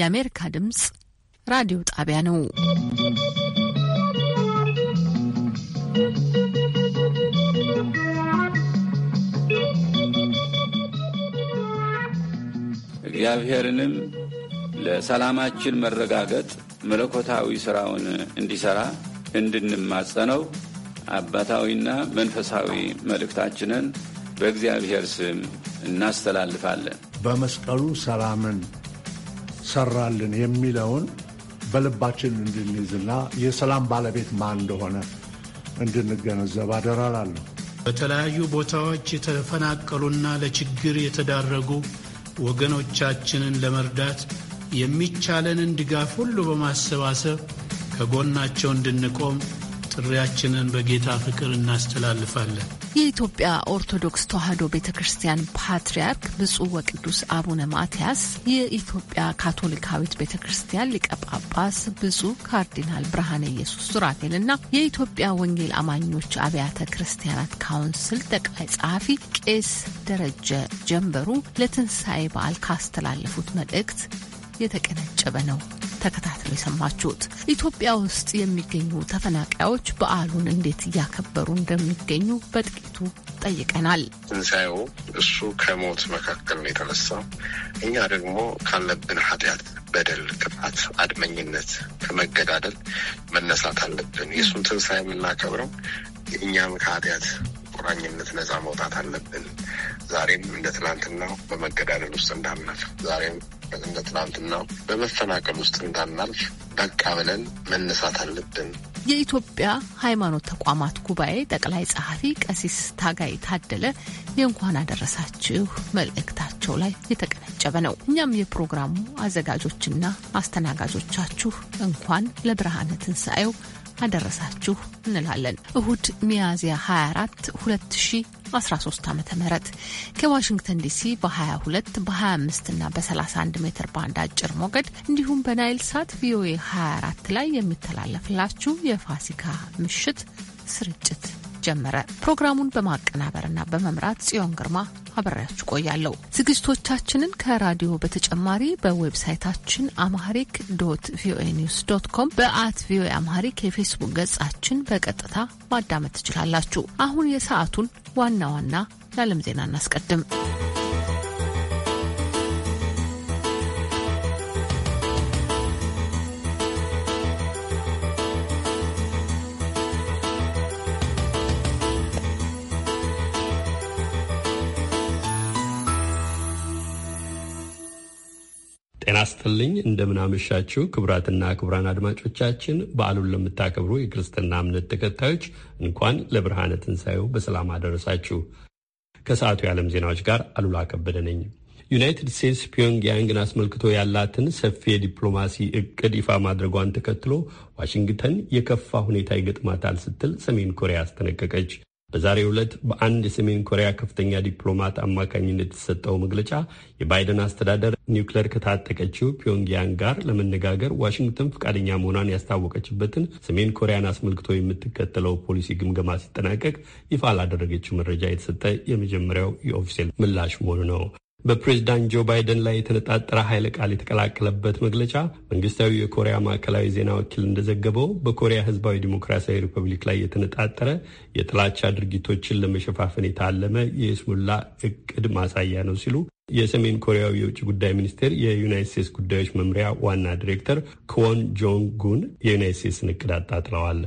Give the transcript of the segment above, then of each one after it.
የአሜሪካ ድምፅ ራዲዮ ጣቢያ ነው። እግዚአብሔርንም ለሰላማችን መረጋገጥ መለኮታዊ ሥራውን እንዲሠራ እንድንማጸነው አባታዊና መንፈሳዊ መልእክታችንን በእግዚአብሔር ስም እናስተላልፋለን። በመስቀሉ ሰላምን ሰራልን የሚለውን በልባችን እንድንይዝና የሰላም ባለቤት ማን እንደሆነ እንድንገነዘብ አደራላለሁ። በተለያዩ ቦታዎች የተፈናቀሉና ለችግር የተዳረጉ ወገኖቻችንን ለመርዳት የሚቻለንን ድጋፍ ሁሉ በማሰባሰብ ከጎናቸው እንድንቆም ጥሪያችንን በጌታ ፍቅር እናስተላልፋለን። የኢትዮጵያ ኦርቶዶክስ ተዋሕዶ ቤተ ክርስቲያን ፓትርያርክ ብፁዕ ወቅዱስ አቡነ ማትያስ፣ የኢትዮጵያ ካቶሊካዊት ቤተ ክርስቲያን ሊቀ ጳጳስ ብፁዕ ካርዲናል ብርሃነ ኢየሱስ ሱራፌል እና የኢትዮጵያ ወንጌል አማኞች አብያተ ክርስቲያናት ካውንስል ጠቅላይ ጸሐፊ ቄስ ደረጀ ጀንበሩ ለትንሣኤ በዓል ካስተላለፉት መልእክት የተቀነጨበ ነው ተከታትሎ የሰማችሁት። ኢትዮጵያ ውስጥ የሚገኙ ተፈናቃዮች በዓሉን እንዴት እያከበሩ እንደሚገኙ በጥቂቱ ጠይቀናል። ትንሣኤው እሱ ከሞት መካከል ነው የተነሳው። እኛ ደግሞ ካለብን ኃጢአት፣ በደል፣ ቅጣት፣ አድመኝነት ከመገዳደል መነሳት አለብን። የእሱን ትንሣኤ የምናከብረው እኛም ከኃጢአት ቁራኝነት ነፃ መውጣት አለብን። ዛሬም እንደ ትናንትናው በመገዳደል ውስጥ እንዳናልፍ፣ ዛሬም እንደ ትናንትናው በመፈናቀል ውስጥ እንዳናልፍ በቃ ብለን መነሳት አለብን። የኢትዮጵያ ሃይማኖት ተቋማት ጉባኤ ጠቅላይ ጸሐፊ ቀሲስ ታጋይ ታደለ የእንኳን አደረሳችሁ መልእክታቸው ላይ የተቀነጨበ ነው። እኛም የፕሮግራሙ አዘጋጆችና አስተናጋጆቻችሁ እንኳን ለብርሃነ ትንሣኤው አደረሳችሁ እንላለን። እሁድ ሚያዝያ 24 2013 ዓ ም ከዋሽንግተን ዲሲ በ22 በ25 እና በ31 ሜትር ባንድ አጭር ሞገድ እንዲሁም በናይል ሳት ቪኦኤ 24 ላይ የሚተላለፍላችሁ የፋሲካ ምሽት ስርጭት ጀመረ። ፕሮግራሙን በማቀናበርና በመምራት ጽዮን ግርማ አበሬያችሁ ቆያለሁ። ዝግጅቶቻችንን ከራዲዮ በተጨማሪ በዌብሳይታችን አማሪክ ዶት ቪኦኤ ኒውስ ዶት ኮም፣ በአት ቪኦኤ አማሪክ የፌስቡክ ገጻችን በቀጥታ ማዳመጥ ትችላላችሁ። አሁን የሰዓቱን ዋና ዋና የዓለም ዜና እናስቀድም። እንደምን እንደምናመሻችሁ ክቡራትና ክቡራን አድማጮቻችን በዓሉን ለምታከብሩ የክርስትና እምነት ተከታዮች እንኳን ለብርሃነ ትንሣኤው በሰላም አደረሳችሁ። ከሰዓቱ የዓለም ዜናዎች ጋር አሉላ ከበደ ነኝ። ዩናይትድ ስቴትስ ፒዮንግያንግን አስመልክቶ ያላትን ሰፊ የዲፕሎማሲ እቅድ ይፋ ማድረጓን ተከትሎ ዋሽንግተን የከፋ ሁኔታ ይገጥማታል ስትል ሰሜን ኮሪያ አስጠነቀቀች። በዛሬ ዕለት በአንድ የሰሜን ኮሪያ ከፍተኛ ዲፕሎማት አማካኝነት የተሰጠው መግለጫ የባይደን አስተዳደር ኒውክሌር ከታጠቀችው ፒዮንግያንግ ጋር ለመነጋገር ዋሽንግተን ፈቃደኛ መሆኗን ያስታወቀችበትን ሰሜን ኮሪያን አስመልክቶ የምትከተለው ፖሊሲ ግምገማ ሲጠናቀቅ ይፋ ላደረገችው መረጃ የተሰጠ የመጀመሪያው የኦፊሴል ምላሽ መሆኑ ነው። በፕሬዝዳንት ጆ ባይደን ላይ የተነጣጠረ ኃይለ ቃል የተቀላቀለበት መግለጫ መንግስታዊ የኮሪያ ማዕከላዊ ዜና ወኪል እንደዘገበው በኮሪያ ህዝባዊ ዲሞክራሲያዊ ሪፐብሊክ ላይ የተነጣጠረ የጥላቻ ድርጊቶችን ለመሸፋፈን የታለመ የስሙላ እቅድ ማሳያ ነው ሲሉ የሰሜን ኮሪያው የውጭ ጉዳይ ሚኒስቴር የዩናይት ስቴትስ ጉዳዮች መምሪያ ዋና ዲሬክተር ክዎን ጆንግ ጉን የዩናይት ስቴትስን እቅድ አጣጥለዋል።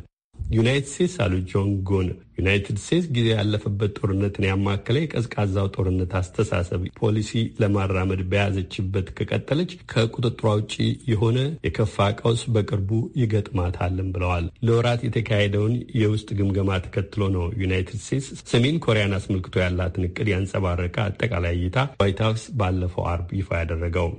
ዩናይትድ ስቴትስ አሉ ጆን ጎን ዩናይትድ ስቴትስ ጊዜ ያለፈበት ጦርነትን ያማከለ የቀዝቃዛው ጦርነት አስተሳሰብ ፖሊሲ ለማራመድ በያዘችበት ከቀጠለች ከቁጥጥሯ ውጪ የሆነ የከፋ ቀውስ በቅርቡ ይገጥማታልን ብለዋል። ለወራት የተካሄደውን የውስጥ ግምገማ ተከትሎ ነው ዩናይትድ ስቴትስ ሰሜን ኮሪያን አስመልክቶ ያላትን እቅድ ያንጸባረቀ አጠቃላይ እይታ ዋይት ሀውስ ባለፈው አርብ ይፋ ያደረገው።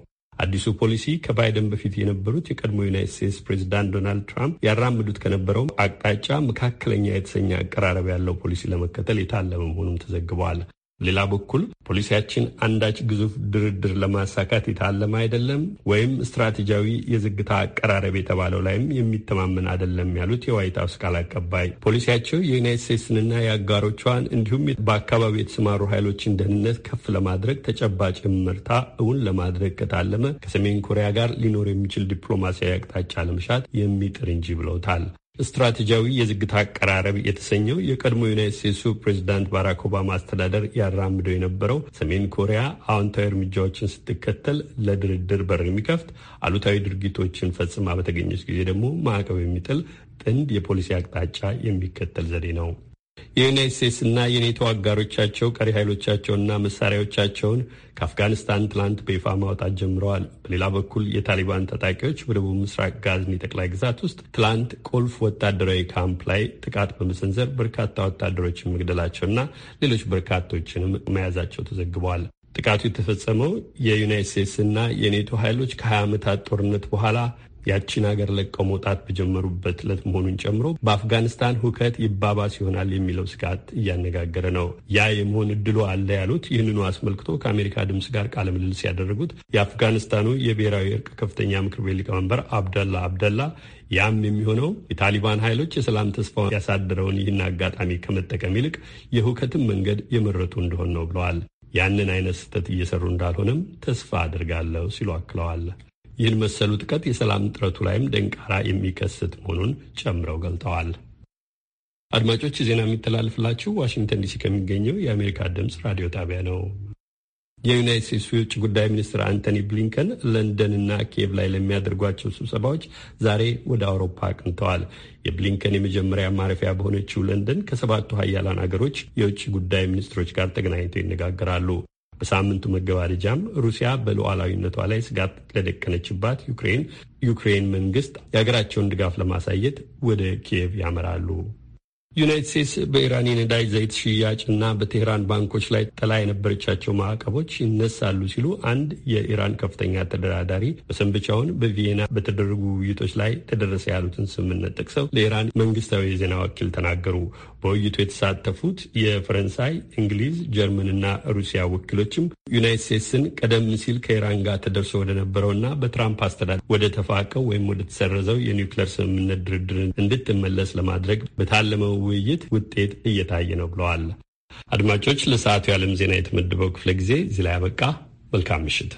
አዲሱ ፖሊሲ ከባይደን በፊት የነበሩት የቀድሞ ዩናይት ስቴትስ ፕሬዚዳንት ዶናልድ ትራምፕ ያራምዱት ከነበረው አቅጣጫ መካከለኛ የተሰኘ አቀራረብ ያለው ፖሊሲ ለመከተል የታለመ መሆኑም ተዘግበዋል። ሌላ በኩል ፖሊሲያችን አንዳች ግዙፍ ድርድር ለማሳካት የታለመ አይደለም ወይም ስትራቴጂያዊ የዝግታ አቀራረብ የተባለው ላይም የሚተማመን አይደለም ያሉት የዋይት ሀውስ ቃል አቀባይ ፖሊሲያቸው የዩናይት ስቴትስንና የአጋሮቿን እንዲሁም በአካባቢ የተሰማሩ ኃይሎችን ደህንነት ከፍ ለማድረግ ተጨባጭ እምርታ እውን ለማድረግ ከታለመ ከሰሜን ኮሪያ ጋር ሊኖር የሚችል ዲፕሎማሲያዊ አቅጣጫ ለመሻት የሚጥር እንጂ ብለውታል። ስትራቴጂያዊ የዝግታ አቀራረብ የተሰኘው የቀድሞ ዩናይት ስቴትሱ ፕሬዚዳንት ባራክ ኦባማ አስተዳደር ያራምደው የነበረው ሰሜን ኮሪያ አዎንታዊ እርምጃዎችን ስትከተል ለድርድር በር የሚከፍት አሉታዊ ድርጊቶችን ፈጽማ በተገኘች ጊዜ ደግሞ ማዕቀብ የሚጥል ጥንድ የፖሊሲ አቅጣጫ የሚከተል ዘዴ ነው። የዩናይት ስቴትስና የኔቶ አጋሮቻቸው ቀሪ ኃይሎቻቸውና መሳሪያዎቻቸውን ከአፍጋኒስታን ትላንት በይፋ ማውጣት ጀምረዋል። በሌላ በኩል የታሊባን ታጣቂዎች በደቡብ ምስራቅ ጋዝኒ ጠቅላይ ግዛት ውስጥ ትላንት ቁልፍ ወታደራዊ ካምፕ ላይ ጥቃት በመሰንዘር በርካታ ወታደሮችን መግደላቸውና ሌሎች በርካቶችንም መያዛቸው ተዘግበዋል። ጥቃቱ የተፈጸመው የዩናይት ስቴትስና የኔቶ ኃይሎች ከ20 ዓመታት ጦርነት በኋላ ያቺን ሀገር ለቀው መውጣት በጀመሩበት ዕለት መሆኑን ጨምሮ በአፍጋኒስታን ሁከት ይባባስ ይሆናል የሚለው ስጋት እያነጋገረ ነው። ያ የመሆን እድሉ አለ ያሉት ይህንኑ አስመልክቶ ከአሜሪካ ድምፅ ጋር ቃለ ምልልስ ያደረጉት የአፍጋኒስታኑ የብሔራዊ እርቅ ከፍተኛ ምክር ቤት ሊቀመንበር አብደላ አብደላ ያም የሚሆነው የታሊባን ኃይሎች የሰላም ተስፋ ያሳደረውን ይህን አጋጣሚ ከመጠቀም ይልቅ የሁከትን መንገድ የመረጡ እንደሆን ነው ብለዋል። ያንን አይነት ስህተት እየሰሩ እንዳልሆነም ተስፋ አድርጋለሁ ሲሉ አክለዋል። ይህን መሰሉ ጥቀት የሰላም ጥረቱ ላይም ደንቃራ የሚከስት መሆኑን ጨምረው ገልጠዋል። አድማጮች ዜና የሚተላልፍላችሁ ዋሽንግተን ዲሲ ከሚገኘው የአሜሪካ ድምፅ ራዲዮ ጣቢያ ነው። የዩናይት ስቴትስ የውጭ ጉዳይ ሚኒስትር አንቶኒ ብሊንከን ለንደንና ኬቭ ላይ ለሚያደርጓቸው ስብሰባዎች ዛሬ ወደ አውሮፓ አቅንተዋል። የብሊንከን የመጀመሪያ ማረፊያ በሆነችው ለንደን ከሰባቱ ሀያላን አገሮች የውጭ ጉዳይ ሚኒስትሮች ጋር ተገናኝተው ይነጋገራሉ። በሳምንቱ መገባደጃም ሩሲያ በሉዓላዊነቷ ላይ ስጋት ለደቀነችባት ዩክሬን ዩክሬን መንግስት የሀገራቸውን ድጋፍ ለማሳየት ወደ ኪየቭ ያመራሉ። ዩናይት ስቴትስ በኢራን የነዳጅ ዘይት ሽያጭ እና በቴህራን ባንኮች ላይ ጥላ የነበረቻቸው ማዕቀቦች ይነሳሉ ሲሉ አንድ የኢራን ከፍተኛ ተደራዳሪ በሰንብቻውን በቪየና በተደረጉ ውይይቶች ላይ ተደረሰ ያሉትን ስምምነት ጠቅሰው ለኢራን መንግስታዊ የዜና ወኪል ተናገሩ። በውይይቱ የተሳተፉት የፈረንሳይ፣ እንግሊዝ፣ ጀርመንና ሩሲያ ወኪሎችም ዩናይት ስቴትስን ቀደም ሲል ከኢራን ጋር ተደርሶ ወደነበረውና በትራምፕ አስተዳደር ወደ ተፋቀው ወይም ወደ ተሰረዘው የኒውክሌር ስምምነት ድርድርን እንድትመለስ ለማድረግ በታለመው ውይይት ውጤት እየታየ ነው ብለዋል። አድማጮች፣ ለሰዓቱ የዓለም ዜና የተመደበው ክፍለ ጊዜ እዚህ ላይ ያበቃ። መልካም ምሽት።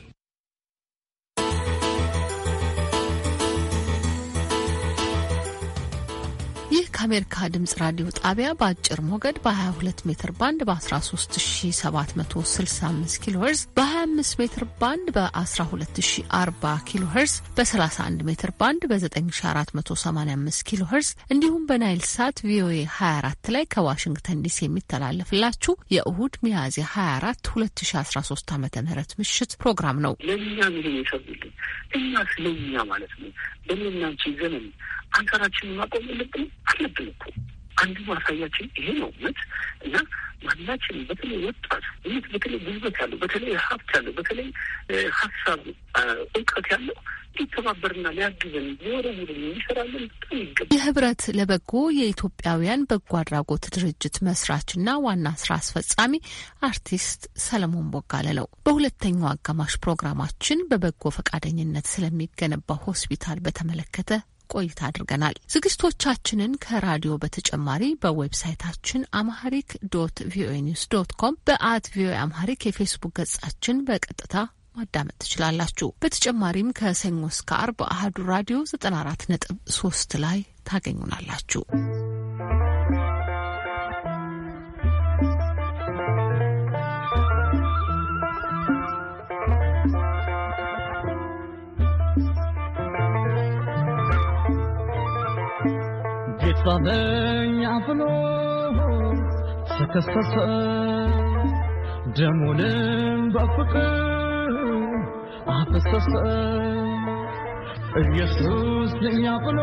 ከአሜሪካ ድምጽ ራዲዮ ጣቢያ በአጭር ሞገድ በ22 ሜትር ባንድ በ13765 ኪሎ ሄርዝ በ25 ሜትር ባንድ በ1240 ኪሎ ሄርዝ በ31 ሜትር ባንድ በ9485 ኪሎ ሄርዝ እንዲሁም በናይል ሳት ቪኦኤ 24 ላይ ከዋሽንግተን ዲሲ የሚተላለፍላችሁ የእሁድ ሚያዝያ 24 2013 ዓ ም ምሽት ፕሮግራም ነው። ለእኛ ምን ይሸጉልን እኛ ስለኛ ማለት ነው። በእኔና ዘመን አንተራችንን ማቆም ልብ አለብን እኮ አንዱ ማሳያችን ይሄ ነው እውነት እና ማናችን በተለይ ወጣት ይህ በተለይ ጉልበት ያለው በተለይ ሀብት ያለው በተለይ ሀሳብ እውቀት ያለው ሊተባበርና ሊያግዘን ሊወረውር የሚሰራለን በጣም ይገባል። የህብረት ለበጎ የኢትዮጵያውያን በጎ አድራጎት ድርጅት መስራችና ዋና ስራ አስፈጻሚ አርቲስት ሰለሞን ቦጋለለው በሁለተኛው አጋማሽ ፕሮግራማችን በበጎ ፈቃደኝነት ስለሚገነባው ሆስፒታል በተመለከተ ቆይታ አድርገናል። ዝግጅቶቻችንን ከራዲዮ በተጨማሪ በዌብሳይታችን አምሃሪክ ዶት ቪኦኤ ኒውስ ዶት ኮም በአት ቪኦኤ አምሃሪክ የፌስቡክ ገጻችን በቀጥታ ማዳመጥ ትችላላችሁ። በተጨማሪም ከሰኞ እስከ አርብ አህዱ ራዲዮ 94.3 ላይ ታገኙናላችሁ። ሳበኛ ብሎ ተከሰሰ ደሙንም በፍቅር አፈሰሰ ኢየሱስ ለእኛ ብሎ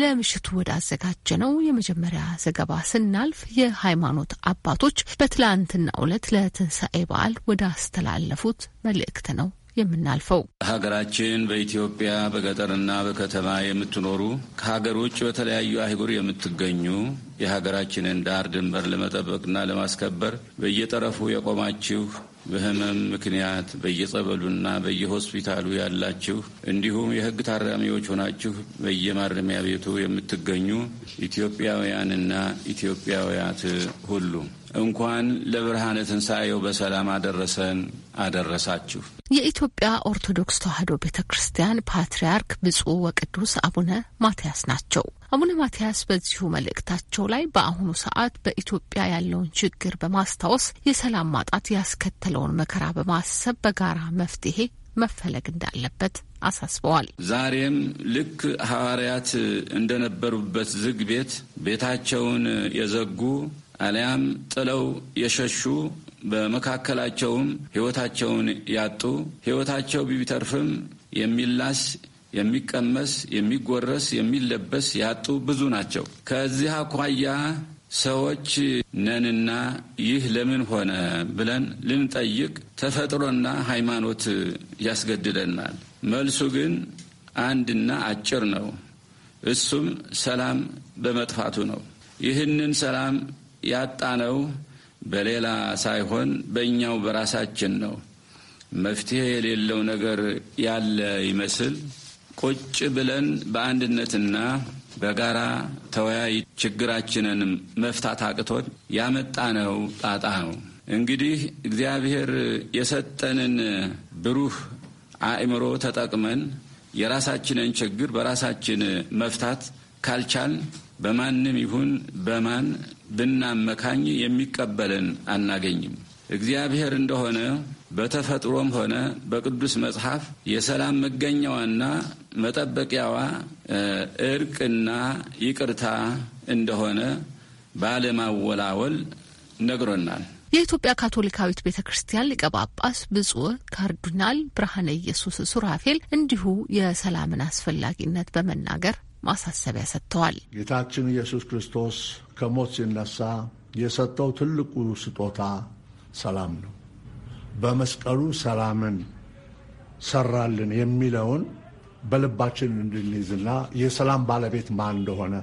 ለምሽቱ ወዳዘጋጀነው የመጀመሪያ ዘገባ ስናልፍ የሃይማኖት አባቶች በትላንትና ዕለት ለትንሣኤ በዓል ወደ አስተላለፉት መልእክት ነው የምናልፈው። ሀገራችን በኢትዮጵያ በገጠርና በከተማ የምትኖሩ ከሀገር ውጭ በተለያዩ አህጉር የምትገኙ የሀገራችንን ዳር ድንበር ለመጠበቅና ለማስከበር በየጠረፉ የቆማችሁ በህመም ምክንያት በየጸበሉና በየሆስፒታሉ ያላችሁ እንዲሁም የህግ ታራሚዎች ሆናችሁ በየማረሚያ ቤቱ የምትገኙ ኢትዮጵያውያንና ኢትዮጵያውያት ሁሉ እንኳን ለብርሃነ ትንሣኤው በሰላም አደረሰን አደረሳችሁ። የኢትዮጵያ ኦርቶዶክስ ተዋሕዶ ቤተ ክርስቲያን ፓትርያርክ ብፁዕ ወቅዱስ አቡነ ማትያስ ናቸው። አቡነ ማትያስ በዚሁ መልእክታቸው ላይ በአሁኑ ሰዓት በኢትዮጵያ ያለውን ችግር በማስታወስ የሰላም ማጣት ያስከተለውን መከራ በማሰብ በጋራ መፍትሄ መፈለግ እንዳለበት አሳስበዋል። ዛሬም ልክ ሐዋርያት እንደነበሩበት ዝግ ቤት ቤታቸውን የዘጉ አሊያም ጥለው የሸሹ በመካከላቸውም ሕይወታቸውን ያጡ ሕይወታቸው ቢተርፍም የሚላስ የሚቀመስ፣ የሚጎረስ፣ የሚለበስ ያጡ ብዙ ናቸው። ከዚህ አኳያ ሰዎች ነንና ይህ ለምን ሆነ ብለን ልንጠይቅ ተፈጥሮና ሃይማኖት ያስገድደናል። መልሱ ግን አንድና አጭር ነው። እሱም ሰላም በመጥፋቱ ነው። ይህንን ሰላም ያጣነው በሌላ ሳይሆን በእኛው በራሳችን ነው። መፍትሄ የሌለው ነገር ያለ ይመስል ቁጭ ብለን በአንድነትና በጋራ ተወያይ ችግራችንን መፍታት አቅቶን ያመጣነው ጣጣ ነው። እንግዲህ እግዚአብሔር የሰጠንን ብሩህ አእምሮ ተጠቅመን የራሳችንን ችግር በራሳችን መፍታት ካልቻል በማንም ይሁን በማን ብናመካኝ የሚቀበለን አናገኝም። እግዚአብሔር እንደሆነ በተፈጥሮም ሆነ በቅዱስ መጽሐፍ የሰላም መገኛዋና መጠበቂያዋ እርቅና ይቅርታ እንደሆነ ባለማወላወል ነግሮናል። የኢትዮጵያ ካቶሊካዊት ቤተ ክርስቲያን ሊቀ ጳጳስ ብፁዕ ካርዲናል ብርሃነ ኢየሱስ ሱራፌል እንዲሁ የሰላምን አስፈላጊነት በመናገር ማሳሰቢያ ሰጥተዋል። ጌታችን ኢየሱስ ክርስቶስ ከሞት ሲነሳ የሰጠው ትልቁ ስጦታ ሰላም ነው። በመስቀሉ ሰላምን ሰራልን የሚለውን በልባችን እንድንይዝና የሰላም ባለቤት ማን እንደሆነ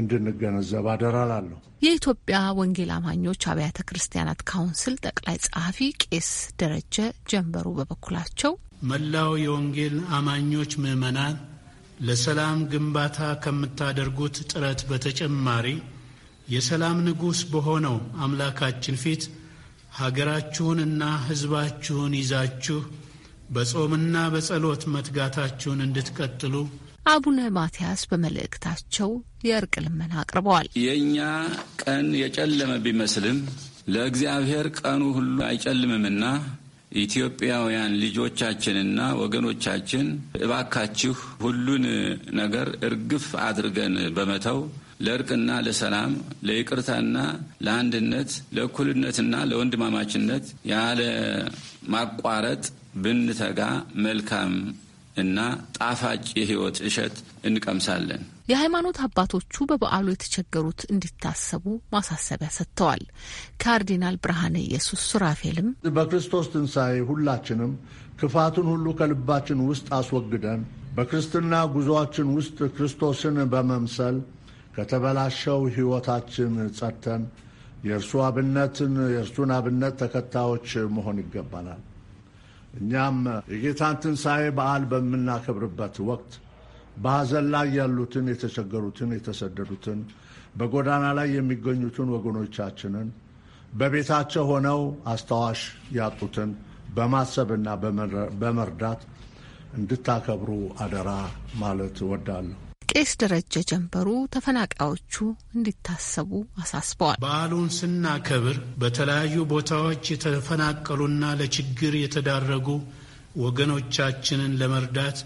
እንድንገነዘብ አደራላለሁ። የኢትዮጵያ ወንጌል አማኞች አብያተ ክርስቲያናት ካውንስል ጠቅላይ ጸሐፊ ቄስ ደረጀ ጀንበሩ በበኩላቸው መላው የወንጌል አማኞች ምዕመናን ለሰላም ግንባታ ከምታደርጉት ጥረት በተጨማሪ የሰላም ንጉሥ በሆነው አምላካችን ፊት ሀገራችሁንና ሕዝባችሁን ይዛችሁ በጾምና በጸሎት መትጋታችሁን እንድትቀጥሉ አቡነ ማትያስ በመልእክታቸው የእርቅ ልመና አቅርበዋል። የእኛ ቀን የጨለመ ቢመስልም ለእግዚአብሔር ቀኑ ሁሉ አይጨልምምና ኢትዮጵያውያን ልጆቻችንና ወገኖቻችን እባካችሁ ሁሉን ነገር እርግፍ አድርገን በመተው ለእርቅና ለሰላም ለይቅርታና ለአንድነት ለእኩልነትና ለወንድማማችነት ያለ ማቋረጥ ብንተጋ መልካም እና ጣፋጭ የህይወት እሸት እንቀምሳለን። የሃይማኖት አባቶቹ በበዓሉ የተቸገሩት እንዲታሰቡ ማሳሰቢያ ሰጥተዋል። ካርዲናል ብርሃነ ኢየሱስ ሱራፌልም በክርስቶስ ትንሣኤ ሁላችንም ክፋቱን ሁሉ ከልባችን ውስጥ አስወግደን በክርስትና ጉዞአችን ውስጥ ክርስቶስን በመምሰል ከተበላሸው ሕይወታችን ጸድተን የእርሱ አብነትን የእርሱን አብነት ተከታዮች መሆን ይገባናል። እኛም የጌታን ትንሣኤ በዓል በምናከብርበት ወቅት በሐዘን ላይ ያሉትን፣ የተቸገሩትን፣ የተሰደዱትን፣ በጎዳና ላይ የሚገኙትን ወገኖቻችንን በቤታቸው ሆነው አስታዋሽ ያጡትን በማሰብና በመርዳት እንድታከብሩ አደራ ማለት እወዳለሁ። ቄስ ደረጀ ጀንበሩ ተፈናቃዮቹ እንዲታሰቡ አሳስበዋል። በዓሉን ስናከብር በተለያዩ ቦታዎች የተፈናቀሉና ለችግር የተዳረጉ ወገኖቻችንን ለመርዳት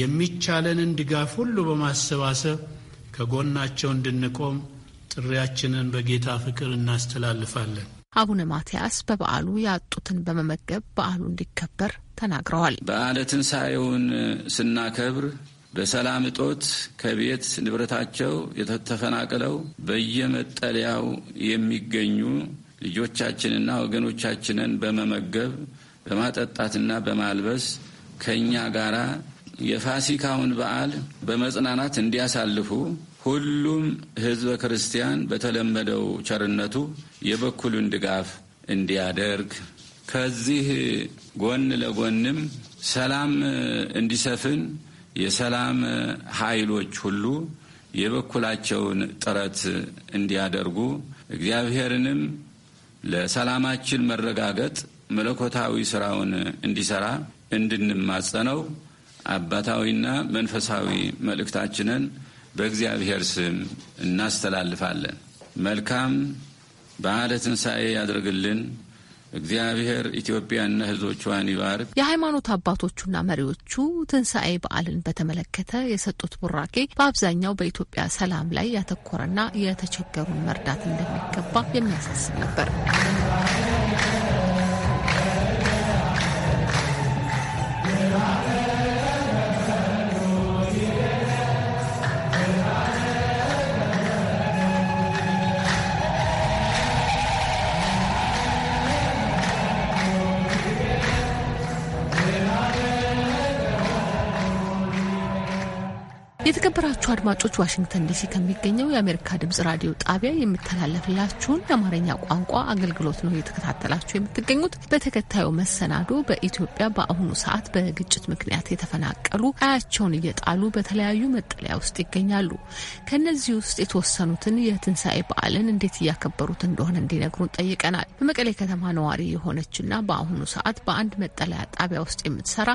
የሚቻለንን ድጋፍ ሁሉ በማሰባሰብ ከጎናቸው እንድንቆም ጥሪያችንን በጌታ ፍቅር እናስተላልፋለን። አቡነ ማትያስ በበዓሉ ያጡትን በመመገብ በዓሉ እንዲከበር ተናግረዋል። በዓለ ትንሣኤውን ስናከብር በሰላም እጦት ከቤት ንብረታቸው የተፈናቅለው በየመጠለያው የሚገኙ ልጆቻችንና ወገኖቻችንን በመመገብ በማጠጣትና በማልበስ ከእኛ ጋር የፋሲካውን በዓል በመጽናናት እንዲያሳልፉ ሁሉም ሕዝበ ክርስቲያን በተለመደው ቸርነቱ የበኩሉን ድጋፍ እንዲያደርግ ከዚህ ጎን ለጎንም ሰላም እንዲሰፍን የሰላም ኃይሎች ሁሉ የበኩላቸውን ጥረት እንዲያደርጉ እግዚአብሔርንም ለሰላማችን መረጋገጥ መለኮታዊ ስራውን እንዲሰራ እንድንማጸነው አባታዊና መንፈሳዊ መልእክታችንን በእግዚአብሔር ስም እናስተላልፋለን። መልካም በዓለ ትንሣኤ ያደርግልን። እግዚአብሔር ኢትዮጵያና ሕዝቦቿን ይባርክ። የሃይማኖት አባቶቹና መሪዎቹ ትንሣኤ በዓልን በተመለከተ የሰጡት ቡራኬ በአብዛኛው በኢትዮጵያ ሰላም ላይ ያተኮረና የተቸገሩን መርዳት እንደሚገባ የሚያሳስብ ነበር። የተከበራችሁ አድማጮች ዋሽንግተን ዲሲ ከሚገኘው የአሜሪካ ድምጽ ራዲዮ ጣቢያ የሚተላለፍላችሁን የአማርኛ ቋንቋ አገልግሎት ነው እየተከታተላችሁ የምትገኙት። በተከታዩ መሰናዶ በኢትዮጵያ በአሁኑ ሰዓት በግጭት ምክንያት የተፈናቀሉ አያቸውን እየጣሉ በተለያዩ መጠለያ ውስጥ ይገኛሉ። ከእነዚህ ውስጥ የተወሰኑትን የትንሣኤ በዓልን እንዴት እያከበሩት እንደሆነ እንዲነግሩን ጠይቀናል። በመቀሌ ከተማ ነዋሪ የሆነችና በአሁኑ ሰዓት በአንድ መጠለያ ጣቢያ ውስጥ የምትሰራ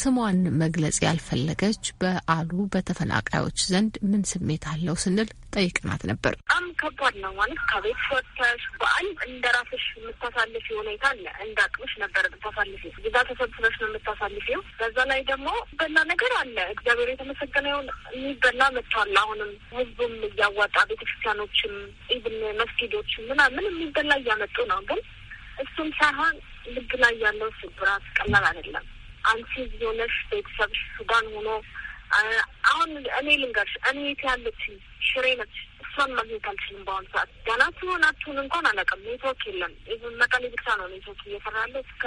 ስሟን መግለጽ ያልፈለገች በዓሉ በተፈ ተፈናቃዮች ዘንድ ምን ስሜት አለው ስንል ጠይቅናት ነበር። በጣም ከባድ ነው ማለት ከቤት ወጥተሽ በዓል እንደ ራስሽ የምታሳልፊ ሁኔታ አለ። እንደ አቅምሽ ነበር የምታሳልፊ ግዛ ተሰብስበሽ ነው የምታሳልፊው። በዛ ላይ ደግሞ በላ ነገር አለ። እግዚአብሔር የተመሰገነ ይሁን የሚበላ መጥቷል። አሁንም ህዝቡም እያዋጣ ቤተክርስቲያኖችም፣ ኢብን መስጊዶችም ምናምን የሚበላ እያመጡ ነው። ግን እሱም ሳይሆን ልብ ላይ ያለው ስብራት ቀላል አይደለም። አንቺ ሆነሽ ቤተሰብሽ ሱዳን ሆኖ አሁን እኔ ልንገርሽ፣ እኔ ያለች ሽሬ ነች። እሷን ማግኘት አልችልም በአሁኑ ሰዓት። ገና ትሆን አትሆን እንኳን አላውቅም። ኔትወርክ የለም። መቀሌ ብቻ ነው ኔትወርክ እየሰራ ያለ እስከ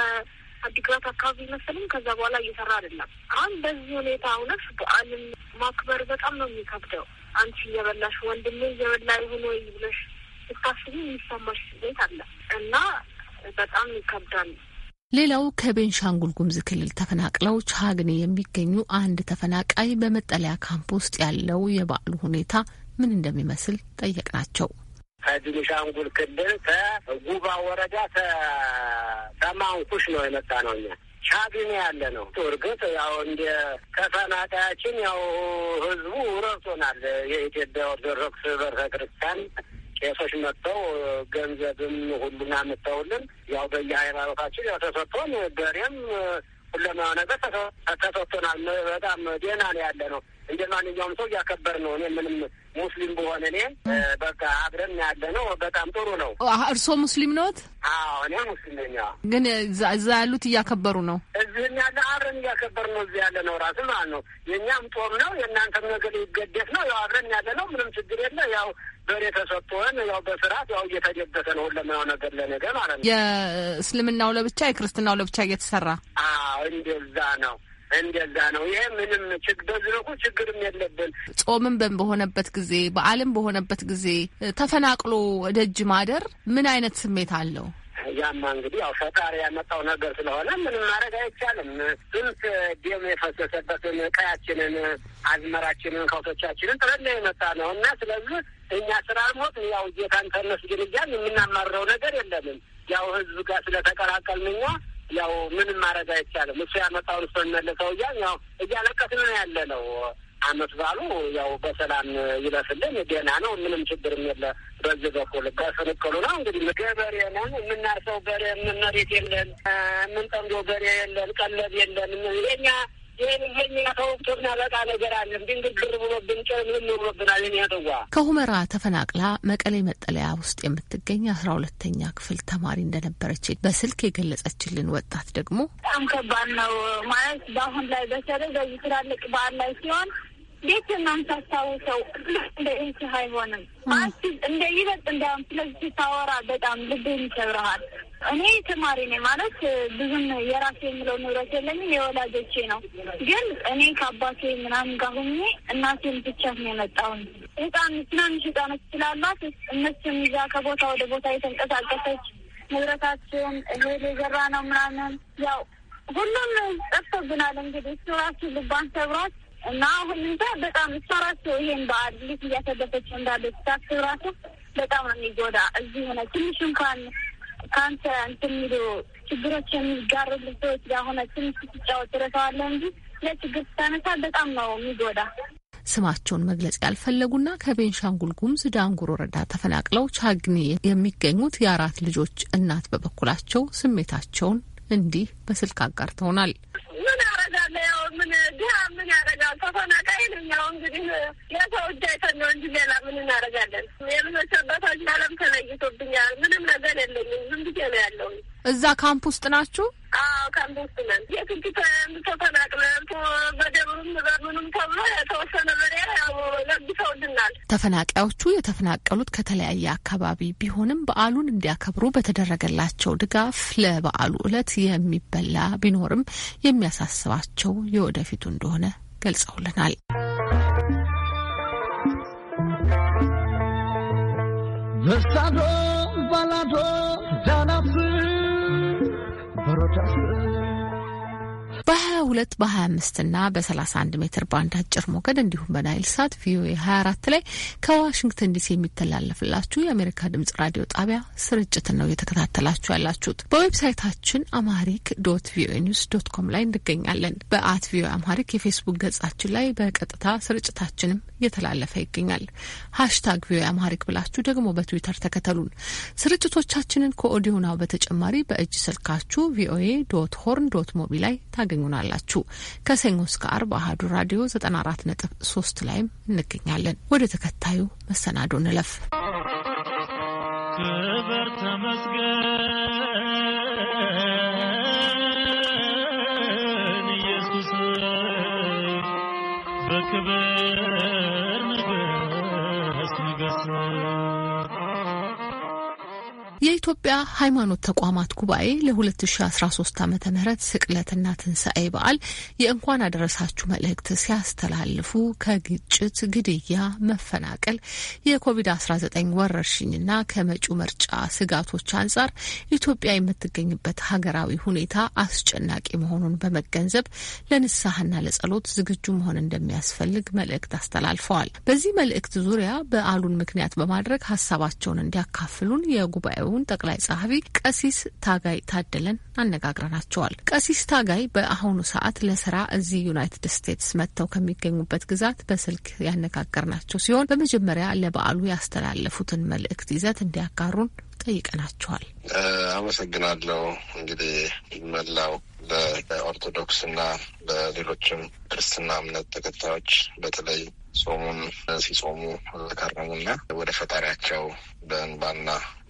አዲግራት አካባቢ መሰለኝ። ከዛ በኋላ እየሰራ አይደለም። አሁን በዚህ ሁኔታ እውነት በዓልን ማክበር በጣም ነው የሚከብደው። አንቺ እየበላሽ ወንድሜ እየበላ ይሁን ወይ ብለሽ ስታስቢ የሚሰማሽ ስሜት አለ እና በጣም ይከብዳል። ሌላው ከቤንሻንጉል ጉሙዝ ክልል ተፈናቅለው ቻግኔ የሚገኙ አንድ ተፈናቃይ በመጠለያ ካምፕ ውስጥ ያለው የበዓሉ ሁኔታ ምን እንደሚመስል ጠየቅናቸው። ከቤንሻንጉል ክልል ከጉባ ወረዳ ከሰማንኩሽ ነው የመጣ ነው እኛ ቻግኔ ያለ ነው። እርግጥ ያው እንደ ተፈናቃያችን ያው ህዝቡ ረብቶናል። የኢትዮጵያ ኦርቶዶክስ ቤተክርስቲያን ቄሶች መጥተው ገንዘብም ሁሉን አምጥተውልን ያው በየሃይማኖታችን ያው ተሰጥቶን በሬም ሁለማ ነገር ተሰጥቶናል። በጣም ዴና ነው ያለ ነው። እንደ ማንኛውም ሰው እያከበር ነው። እኔ ምንም ሙስሊም በሆነ እኔ በቃ አብረን ያለ ነው። በጣም ጥሩ ነው። እርስዎ ሙስሊም ነዎት? አዎ እኔ ሙስሊም ነኝ። ግን እዛ ያሉት እያከበሩ ነው። እዚህም ያለ አብረን እያከበር ነው። እዚህ ያለ ነው ራሱ ማለት ነው። የእኛም ጦም ነው፣ የእናንተም ነገር ይገደፍ ነው። ያው አብረን ያለ ነው። ምንም ችግር የለ። ያው በሬ ተሰጥቶን ያው በስርዓት ያው እየተደገሰ ነው። ለማየው ነገር ለነገ ማለት ነው። የእስልምናው ለብቻ የክርስትናው ለብቻ እየተሰራ አዎ እንደዛ ነው። እንደዛ ነው። ይሄ ምንም በዝርቁ ችግርም የለብን። ጾምም በሆነበት ጊዜ በዓልም በሆነበት ጊዜ ተፈናቅሎ ደጅ ማደር ምን አይነት ስሜት አለው? ያማ እንግዲህ ያው ፈጣሪ ያመጣው ነገር ስለሆነ ምንም ማድረግ አይቻልም። ስንት ደም የፈሰሰበትን ቀያችንን፣ አዝመራችንን፣ ከውቶቻችንን ጥለን የመጣ ነው እና ስለዚህ እኛ ሞት ያው ጌታን ተነስ ግን የምናማረው ነገር የለንም። ያው ህዝብ ጋር ስለተቀላቀልን እኛ ያው ምንም ማድረግ አይቻልም። እሱ ያመጣውን ሰው የሚመልሰው እያል ያው እያለቀስን ነው ያለ ነው። አመት ባሉ ያው በሰላም ይለፍልን። ደህና ነው፣ ምንም ችግር የለ። በዚህ በኩል በስንቅሉ ነው እንግዲህ ገበሬ ነን። የምናርሰው በሬ የምንመሬት የለን፣ የምንጠምዶ በሬ የለን፣ ቀለብ የለን። የኛ ከሁመራ ተፈናቅላ መቀሌ መጠለያ ውስጥ የምትገኝ አስራ ሁለተኛ ክፍል ተማሪ እንደነበረች በስልክ የገለጸችልን ወጣት ደግሞ በጣም ከባድ ነው ማለት በአሁን ላይ በተለይ በዚህ ትላልቅ በዓል ላይ ሲሆን እንዴት የማንሳስታውሰው እንደ ኢንስህ አይሆንም። አንቺ እንደ ይበጥ እንዲያውም ስለዚህ ታወራ በጣም ልብህን ይሰብረሃል። እኔ ተማሪ ነኝ ማለት ብዙም የራሴ የምለው ንብረት የለኝም፣ የወላጆቼ ነው። ግን እኔ ከአባቴ ምናምን ጋር ሁኜ እናቴን ብቻት ነው የመጣውን ህፃን ትናንሽ ህፃኖች ስላሏት እነሱም ይዛ ከቦታ ወደ ቦታ የተንቀሳቀሰች ንብረታችን እህል የዘራ ነው ምናምን ያው ሁሉም ጠፍቶብናል። እንግዲህ እሱ ራሱ ልባን ሰብሯት እና አሁን እንጃ በጣም ሰራቸው ይሄን በዓል ልክ እያሳለፈች እንዳለች ታክስ ራሱ በጣም ነው የሚጎዳ። እዚህ ሆነ ትንሽ እንኳን ከአንተ እንትን የሚሉ ችግሮች የሚጋርሉ ሰዎች ጋር ሆነ ትንሽ ስትጫወት ረሰዋለ እንጂ ለችግር ስታነሳ በጣም ነው የሚጎዳ። ስማቸውን መግለጽ ያልፈለጉና ከቤንሻንጉል ጉምዝ ዳንጉር ወረዳ ተፈናቅለው ቻግኒ የሚገኙት የአራት ልጆች እናት በበኩላቸው ስሜታቸውን እንዲህ በስልክ አጋርተውናል። ምን ያረጋለ ምን ድሀ ምን ያደርጋል? ተፈናቃይ ነው። ያው እንግዲህ የሰው እጅ አይተን ነው እንጂ ሌላ ምን እናደርጋለን? የምመቸበታች አለም ተለይቶብኛል። ምንም ነገር የለኝም። ዝም ብዬ ነው ያለው። እዛ ካምፕ ውስጥ ናችሁ? አዎ ካምፕ ውስጥ ነን። የትንኪ ተፈናቃ ይሆናል። ተፈናቃዮቹ የተፈናቀሉት ከተለያየ አካባቢ ቢሆንም በዓሉን እንዲያከብሩ በተደረገላቸው ድጋፍ ለበዓሉ እለት የሚበላ ቢኖርም የሚያሳስባቸው የወደፊቱ እንደሆነ ገልጸውልናል። Versato, balato, danafsi, brotas. በ22 በ25 እና በ31 ሜትር ባንድ አጭር ሞገድ እንዲሁም በናይል ሳት ቪኦኤ 24 ላይ ከዋሽንግተን ዲሲ የሚተላለፍላችሁ የአሜሪካ ድምጽ ራዲዮ ጣቢያ ስርጭትን ነው እየተከታተላችሁ ያላችሁት። በዌብሳይታችን አማሪክ ዶት ቪኦኤ ኒውስ ዶት ኮም ላይ እንገኛለን። በአት ቪኦኤ አማሪክ የፌስቡክ ገጻችን ላይ በቀጥታ ስርጭታችንም እየተላለፈ ይገኛል። ሀሽታግ ቪኦኤ አማሪክ ብላችሁ ደግሞ በትዊተር ተከተሉን። ስርጭቶቻችንን ከኦዲዮናው በተጨማሪ በእጅ ስልካችሁ ቪኦኤ ዶት ሆርን ዶት ሞቢ ላይ ታገ ታገኙናላችሁ። ከሰኞ እስከ አርብ አህዱ ራዲዮ 94.3 ላይም እንገኛለን። ወደ ተከታዩ መሰናዶ እንለፍ። ክብር ተመስገን የኢትዮጵያ ሃይማኖት ተቋማት ጉባኤ ለ2013 ዓ ም ስቅለትና ትንሣኤ በዓል የእንኳን አደረሳችሁ መልእክት ሲያስተላልፉ ከግጭት፣ ግድያ፣ መፈናቀል፣ የኮቪድ-19 ወረርሽኝና ከመጪው ምርጫ ስጋቶች አንጻር ኢትዮጵያ የምትገኝበት ሀገራዊ ሁኔታ አስጨናቂ መሆኑን በመገንዘብ ለንስሐና ለጸሎት ዝግጁ መሆን እንደሚያስፈልግ መልእክት አስተላልፈዋል። በዚህ መልእክት ዙሪያ በዓሉን ምክንያት በማድረግ ሀሳባቸውን እንዲያካፍሉን የጉባኤው የክለቡን ጠቅላይ ጸሐፊ ቀሲስ ታጋይ ታደለን አነጋግረናቸዋል። ቀሲስ ታጋይ በአሁኑ ሰዓት ለስራ እዚህ ዩናይትድ ስቴትስ መጥተው ከሚገኙበት ግዛት በስልክ ያነጋገርናቸው ሲሆን በመጀመሪያ ለበዓሉ ያስተላለፉትን መልእክት ይዘት እንዲያጋሩን ጠይቀናቸዋል። አመሰግናለሁ። እንግዲህ መላው በኦርቶዶክስ እና በሌሎችም ክርስትና እምነት ተከታዮች በተለይ ጾሙን ሲጾሙ ከረሙና ወደ ፈጣሪያቸው በእንባና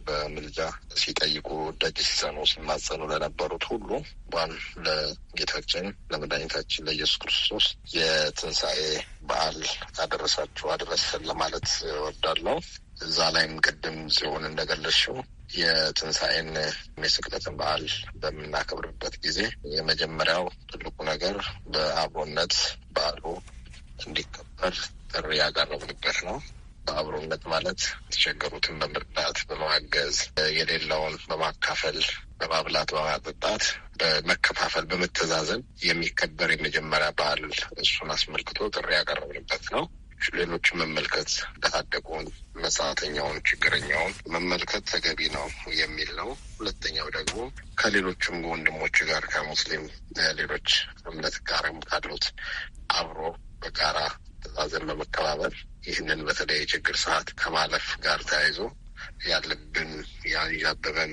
በምልጃ ሲጠይቁ ደጅ ሲሰኑ ሲማጸኑ ለነበሩት ሁሉ እንኳን ለጌታችን ለመድኃኒታችን ለኢየሱስ ክርስቶስ የትንሣኤ በዓል አደረሳችሁ አደረሰን ለማለት እወዳለሁ። እዛ ላይም ቅድም ሲሆን እንደገለሽው የትንሣኤን የስቅለትን በዓል በምናከብርበት ጊዜ የመጀመሪያው ትልቁ ነገር በአብሮነት በዓሉ እንዲከበር ጥሪ ያቀረብንበት ነው። አብሮነት ማለት የተቸገሩትን በመርዳት በማገዝ የሌለውን በማካፈል በማብላት በማጠጣት በመከፋፈል በመተዛዘን የሚከበር የመጀመሪያ በዓል እሱን አስመልክቶ ጥሪ ያቀረብንበት ነው። ሌሎች መመልከት እንደታደጉን መጻተኛውን፣ ችግረኛውን መመልከት ተገቢ ነው የሚል ነው። ሁለተኛው ደግሞ ከሌሎችም ወንድሞች ጋር ከሙስሊም ሌሎች እምነት ጋርም ካሉት አብሮ በጋራ መተዛዘን፣ በመከባበር ይህንን በተለይ የችግር ሰዓት ከማለፍ ጋር ተያይዞ ያለብን ያበበን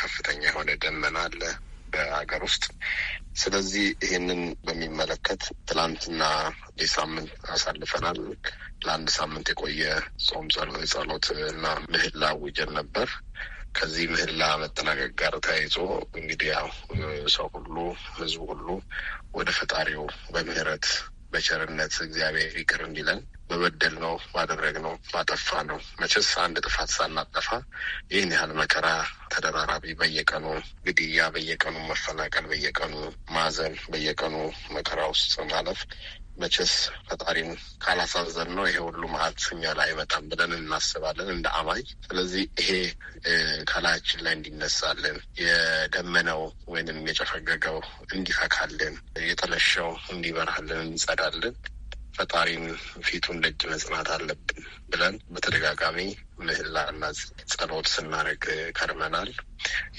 ከፍተኛ የሆነ ደመና አለ በሀገር ውስጥ። ስለዚህ ይህንን በሚመለከት ትላንትና ሳምንት አሳልፈናል። ለአንድ ሳምንት የቆየ ጾም ጸሎት እና ምህላ አውጀን ነበር። ከዚህ ምህላ መጠናቀቅ ጋር ተያይዞ እንግዲህ ያው ሰው ሁሉ ህዝቡ ሁሉ ወደ ፈጣሪው በምህረት በቸርነት እግዚአብሔር ይቅር እንዲለን በበደል ነው ማደረግ ነው ማጠፋ ነው። መቼስ አንድ ጥፋት ሳናጠፋ ይህን ያህል መከራ ተደራራቢ፣ በየቀኑ ግድያ፣ በየቀኑ መፈናቀል፣ በየቀኑ ማዘን፣ በየቀኑ መከራ ውስጥ ማለፍ መቼስ ፈጣሪን ካላሳዘን ነው ይሄ ሁሉ መዓት እኛ ላይ አይመጣም ብለን እናስባለን እንደ አማኝ። ስለዚህ ይሄ ከላያችን ላይ እንዲነሳልን፣ የደመነው ወይንም የጨፈገገው እንዲፈካልን፣ የጠለሸው እንዲበራልን፣ እንጸዳልን ፈጣሪን ፊቱን ደጅ መጽናት አለብን ብለን በተደጋጋሚ ምህላና ጸሎት ስናደርግ ከርመናል።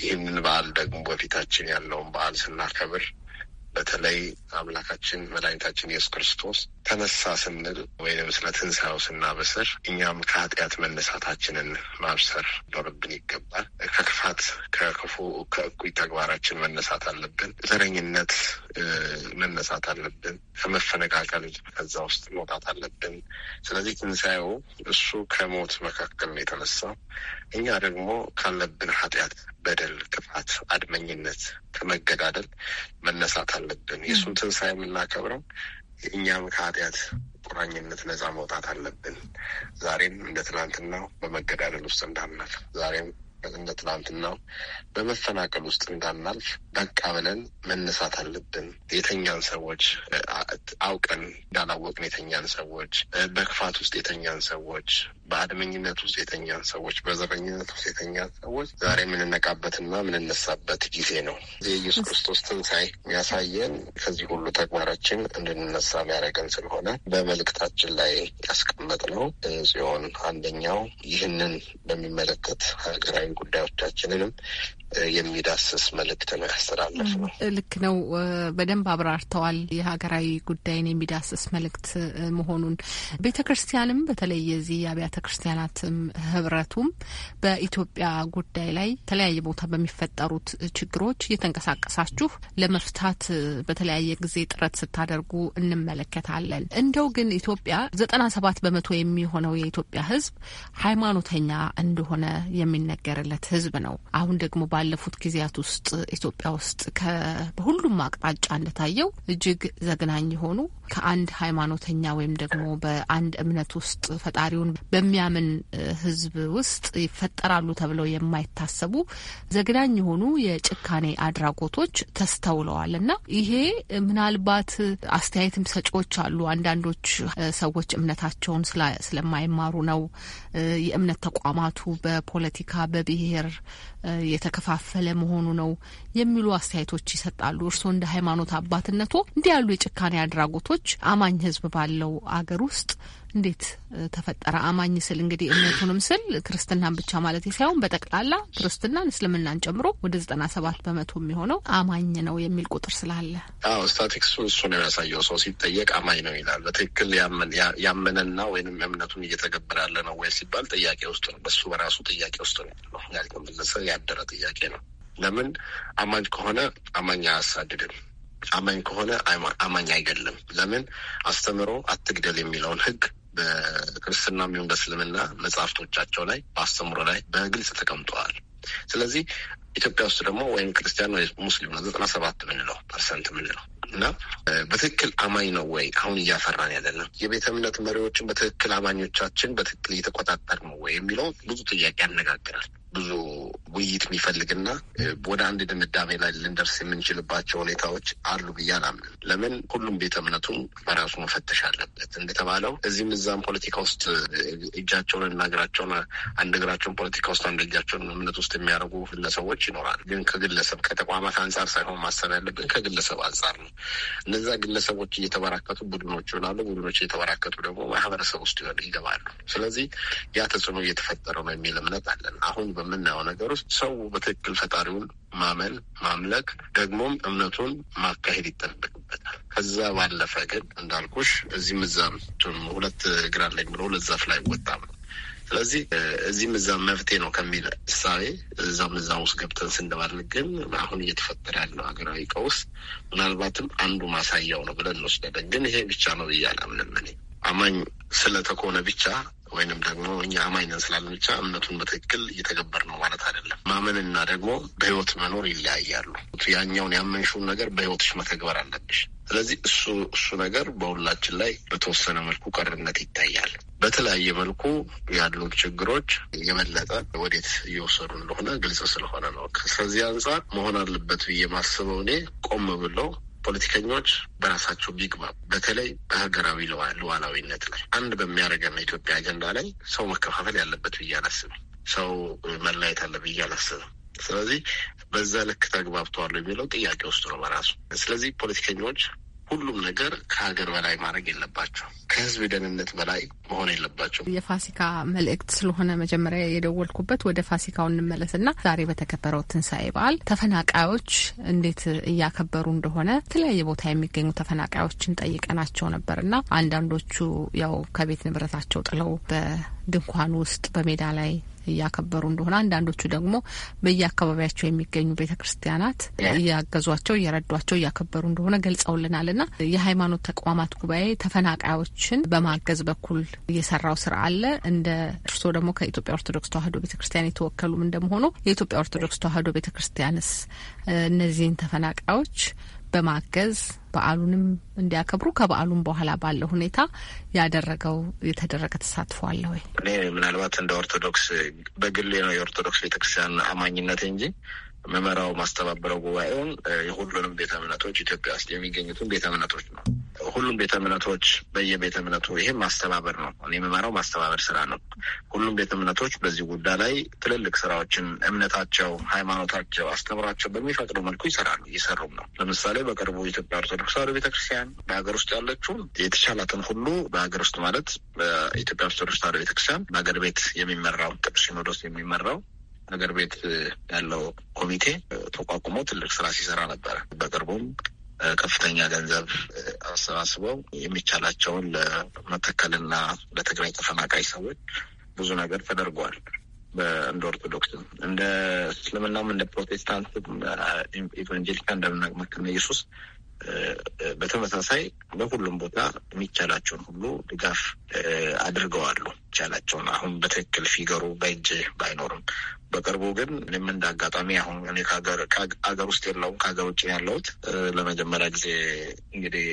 ይህንን በዓል ደግሞ በፊታችን ያለውን በዓል ስናከብር በተለይ አምላካችን መድኃኒታችን ኢየሱስ ክርስቶስ ተነሳ ስንል ወይም ስለ ትንሣኤው ስናበስር እኛም ከኃጢአት መነሳታችንን ማብሰር ሊኖርብን ይገባል። ከክፋት ከክፉ ከእኩይ ተግባራችን መነሳት አለብን። ዘረኝነት መነሳት አለብን። ከመፈነቃቀል ከዛ ውስጥ መውጣት አለብን። ስለዚህ ትንሣኤው እሱ ከሞት መካከል ነው የተነሳው። እኛ ደግሞ ካለብን ኃጢአት በደል፣ ክፋት፣ አድመኝነት ከመገዳደል መነሳት አለብን። የእሱን ትንሣኤ የምናከብረው እኛም ከኃጢአት ቁራኝነት ነጻ መውጣት አለብን። ዛሬም እንደ ትናንትናው በመገዳደል ውስጥ እንዳናልፍ፣ ዛሬም እንደ ትናንትናው በመፈናቀል ውስጥ እንዳናልፍ በቃ ብለን መነሳት አለብን። የተኛን ሰዎች አውቀን እንዳላወቅን የተኛን ሰዎች፣ በክፋት ውስጥ የተኛን ሰዎች፣ በአድመኝነት ውስጥ የተኛን ሰዎች፣ በዘረኝነት ውስጥ የተኛን ሰዎች ዛሬ የምንነቃበትና የምንነሳበት ጊዜ ነው። የኢየሱስ ክርስቶስ ትንሣኤ የሚያሳየን ከዚህ ሁሉ ተግባራችን እንድንነሳ የሚያደርገን ስለሆነ በመልእክታችን ላይ ያስቀመጥነው ጽዮን አንደኛው ይህንን በሚመለከት ሀገራዊ ጉዳዮቻችንንም የሚዳስስ መልእክት ነው ያስተላለፍ ነው። ልክ ነው። በደንብ አብራርተዋል። የሀገራዊ ጉዳይን የሚዳስስ መልእክት መሆኑን ቤተ ክርስቲያንም በተለይ የዚህ የአብያተ ክርስቲያናትም ህብረቱም በኢትዮጵያ ጉዳይ ላይ የተለያየ ቦታ በሚፈጠሩት ችግሮች እየተንቀሳቀሳችሁ ለመፍታት በተለያየ ጊዜ ጥረት ስታደርጉ እንመለከታለን። እንደው ግን ኢትዮጵያ ዘጠና ሰባት በመቶ የሚሆነው የኢትዮጵያ ህዝብ ሃይማኖተኛ እንደሆነ የሚነገርለት ህዝብ ነው። አሁን ደግሞ ባለፉት ጊዜያት ውስጥ ኢትዮጵያ ውስጥ በሁሉም አቅጣጫ እንደታየው እጅግ ዘግናኝ የሆኑ ከአንድ ሃይማኖተኛ ወይም ደግሞ በአንድ እምነት ውስጥ ፈጣሪውን በሚያምን ሕዝብ ውስጥ ይፈጠራሉ ተብለው የማይታሰቡ ዘግናኝ የሆኑ የጭካኔ አድራጎቶች ተስተውለዋል እና ይሄ ምናልባት አስተያየትም ሰጪዎች አሉ። አንዳንዶች ሰዎች እምነታቸውን ስለማይማሩ ነው የእምነት ተቋማቱ በፖለቲካ በብሔር የተከፋፈለ መሆኑ ነው የሚሉ አስተያየቶች ይሰጣሉ። እርስዎ እንደ ሃይማኖት አባትነቶ እንዲህ ያሉ የጭካኔ አድራጎቶች አማኝ ህዝብ ባለው አገር ውስጥ እንዴት ተፈጠረ? አማኝ ስል እንግዲህ እምነቱንም ስል ክርስትናን ብቻ ማለት ሳይሆን በጠቅላላ ክርስትናን እስልምናን ጨምሮ ወደ ዘጠና ሰባት በመቶ የሚሆነው አማኝ ነው የሚል ቁጥር ስላለ፣ ስታቲክሱ እሱ ነው ያሳየው። ሰው ሲጠየቅ አማኝ ነው ይላል። በትክክል ያመነና ወይም እምነቱን እየተገበረ ያለ ነው ወይ ሲባል ጥያቄ ውስጥ ነው። በሱ በራሱ ጥያቄ ውስጥ ነው ያለው። ያልተመለሰ ያደረ ጥያቄ ነው። ለምን አማኝ ከሆነ አማኝ አያሳድድም። አማኝ ከሆነ አማኝ አይገድልም። ለምን አስተምሮ አትግደል የሚለውን ህግ በክርስትና የሚሆን በእስልምና መጽሐፍቶቻቸው ላይ በአስተምሮ ላይ በግልጽ ተቀምጠዋል። ስለዚህ ኢትዮጵያ ውስጥ ደግሞ ወይም ክርስቲያን ወይ ሙስሊም ነው ዘጠና ሰባት ምንለው ፐርሰንት ምንለው እና በትክክል አማኝ ነው ወይ አሁን እያፈራን ያለነው የቤተ እምነት መሪዎችን በትክክል አማኞቻችን በትክክል እየተቆጣጠር ነው ወይ የሚለው ብዙ ጥያቄ ያነጋግራል። ብዙ ውይይት የሚፈልግና ወደ አንድ ድምዳሜ ላይ ልንደርስ የምንችልባቸው ሁኔታዎች አሉ ብዬ አላምንም። ለምን ሁሉም ቤተ እምነቱን በራሱ መፈተሽ አለበት። እንደተባለው እዚህም እዛም ፖለቲካ ውስጥ እጃቸውን እና እግራቸውን አንድ እግራቸውን ፖለቲካ ውስጥ አንድ እጃቸውን እምነት ውስጥ የሚያደርጉ ግለሰቦች ይኖራል። ግን ከግለሰብ ከተቋማት አንጻር ሳይሆን ማሰብ ያለብን ከግለሰብ አንጻር ነው። እነዛ ግለሰቦች እየተበራከቱ ቡድኖች ይሆናሉ። ቡድኖች እየተበራከቱ ደግሞ ማህበረሰብ ውስጥ ይገባሉ። ስለዚህ ያ ተጽዕኖ እየተፈጠረ ነው የሚል እምነት አለን አሁን በምናየው ነገር ውስጥ ሰው በትክክል ፈጣሪውን ማመን ማምለክ፣ ደግሞም እምነቱን ማካሄድ ይጠበቅበታል። ከዛ ባለፈ ግን እንዳልኩሽ እዚህም እዛም ሁለት እግራ ላይ ብሎ ለዛፍ ዛፍ ላይ አይወጣም። ስለዚህ እዚህም እዛም መፍትሄ ነው ከሚል እሳቤ እዛም እዛ ውስጥ ገብተን ስንደባል ግን አሁን እየተፈጠረ ያለው ሀገራዊ ቀውስ ምናልባትም አንዱ ማሳያው ነው ብለን እንወስዳለን። ግን ይሄ ብቻ ነው ብዬ አላምንም። እኔ አማኝ ስለተኮነ ብቻ ወይንም ደግሞ እኛ አማኝ ነን ስላለን ብቻ እምነቱን በትክክል እየተገበር ነው ማለት አይደለም። ማመንና ደግሞ በህይወት መኖር ይለያያሉ። ያኛውን ያመንሽውን ነገር በህይወትሽ መተግበር አለብሽ። ስለዚህ እሱ እሱ ነገር በሁላችን ላይ በተወሰነ መልኩ ቀርነት ይታያል። በተለያየ መልኩ ያሉ ችግሮች የበለጠ ወዴት እየወሰዱ እንደሆነ ግልጽ ስለሆነ ነው። ከዚህ አንጻር መሆን አለበት ብዬ ማስበው እኔ ቆም ብለው ፖለቲከኞች በራሳቸው ቢግባቡ በተለይ በሀገራዊ ሉዓላዊነት ላይ አንድ በሚያደርገን ኢትዮጵያ አጀንዳ ላይ ሰው መከፋፈል ያለበት ብዬ አላስብም። ሰው መለያየት አለ ብዬ አላስብም። ስለዚህ በዛ ልክ ተግባብተዋሉ የሚለው ጥያቄ ውስጥ ነው በራሱ። ስለዚህ ፖለቲከኞች ሁሉም ነገር ከሀገር በላይ ማድረግ የለባቸው፣ ከህዝብ ደህንነት በላይ መሆን የለባቸው። የፋሲካ መልእክት ስለሆነ መጀመሪያ የደወልኩበት ወደ ፋሲካው እንመለስና ዛሬ በተከበረው ትንሣኤ በዓል ተፈናቃዮች እንዴት እያከበሩ እንደሆነ የተለያየ ቦታ የሚገኙ ተፈናቃዮችን ጠይቀናቸው ነበርና አንዳንዶቹ ያው ከቤት ንብረታቸው ጥለው በድንኳን ውስጥ በሜዳ ላይ እያከበሩ እንደሆነ አንዳንዶቹ ደግሞ በየአካባቢያቸው የሚገኙ ቤተ ክርስቲያናት እያገዟቸው፣ እየረዷቸው፣ እያከበሩ እንደሆነ ገልጸውልናል እና የሃይማኖት ተቋማት ጉባኤ ተፈናቃዮችን በማገዝ በኩል እየሰራው ስራ አለ። እንደ እርስዎ ደግሞ ከኢትዮጵያ ኦርቶዶክስ ተዋሕዶ ቤተ ክርስቲያን የተወከሉም እንደመሆኑ የኢትዮጵያ ኦርቶዶክስ ተዋሕዶ ቤተ ክርስቲያንስ እነዚህን ተፈናቃዮች በማገዝ በዓሉንም እንዲያከብሩ ከበዓሉም በኋላ ባለው ሁኔታ ያደረገው የተደረገ ተሳትፎ አለ ወይ? እኔ ምናልባት እንደ ኦርቶዶክስ በግሌ ነው የኦርቶዶክስ ቤተክርስቲያን አማኝነት እንጂ መመራው ማስተባበረው ጉባኤውን የሁሉንም ቤተ እምነቶች ኢትዮጵያ ውስጥ የሚገኙትን ቤተ እምነቶች ነው። ሁሉም ቤተ እምነቶች በየቤተ እምነቱ ይሄም ማስተባበር ነው። እኔ የምመራው ማስተባበር ስራ ነው። ሁሉም ቤተ እምነቶች በዚህ ጉዳይ ላይ ትልልቅ ስራዎችን እምነታቸው፣ ሃይማኖታቸው፣ አስተምራቸው በሚፈቅዱ መልኩ ይሰራሉ፣ ይሰሩም ነው። ለምሳሌ በቅርቡ ኢትዮጵያ ኦርቶዶክስ ተዋሕዶ ቤተክርስቲያን በሀገር ውስጥ ያለችው የተቻላትን ሁሉ በሀገር ውስጥ ማለት በኢትዮጵያ ኦርቶዶክስ ተዋሕዶ ቤተክርስቲያን በሀገር ቤት የሚመራው ቅዱስ ሲኖዶስ የሚመራው ነገር ቤት ያለው ኮሚቴ ተቋቁሞ ትልቅ ስራ ሲሰራ ነበረ። በቅርቡም ከፍተኛ ገንዘብ አሰባስበው የሚቻላቸውን ለመተከልና ለትግራይ ተፈናቃይ ሰዎች ብዙ ነገር ተደርጓል። እንደ ኦርቶዶክስም እንደ እስልምናም እንደ ፕሮቴስታንትም ኢቫንጀሊካ እንደምናቅመክነ ኢየሱስ በተመሳሳይ በሁሉም ቦታ የሚቻላቸውን ሁሉ ድጋፍ አድርገዋሉ። ይቻላቸውን አሁን በትክክል ፊገሩ በእጅ ባይኖርም በቅርቡ ግን እኔም እንደ አጋጣሚ አሁን እኔ ከሀገር ውስጥ የለውም ከሀገር ውጭ ያለሁት ለመጀመሪያ ጊዜ እንግዲህ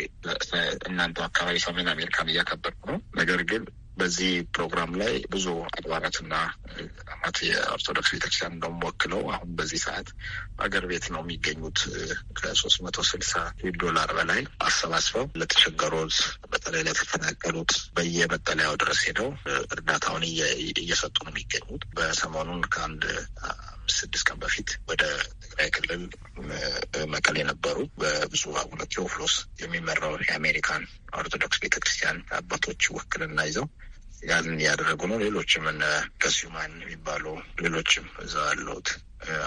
እናንተ አካባቢ ሰሜን አሜሪካን እያከበርኩ ነው። ነገር ግን በዚህ ፕሮግራም ላይ ብዙ አድባራትና አማት የኦርቶዶክስ ቤተክርስቲያን እንደውም ወክለው አሁን በዚህ ሰዓት አገር ቤት ነው የሚገኙት ከሶስት መቶ ስልሳ ዶላር በላይ አሰባስበው ለተቸገሩት በተለይ ለተፈናቀሉት በየመጠለያው ድረስ ሄደው እርዳታውን እየሰጡ ነው የሚገኙት። በሰሞኑን ከአንድ ስድስት ቀን በፊት ወደ ትግራይ ክልል መቀል የነበሩ በብፁዕ አቡነ ቴዎፍሎስ የሚመራው የአሜሪካን ኦርቶዶክስ ቤተክርስቲያን አባቶች ውክልና ይዘው ያንን እያደረጉ ነው። ሌሎችም እነ ከሲማን የሚባሉ ሌሎችም እዛ ያሉት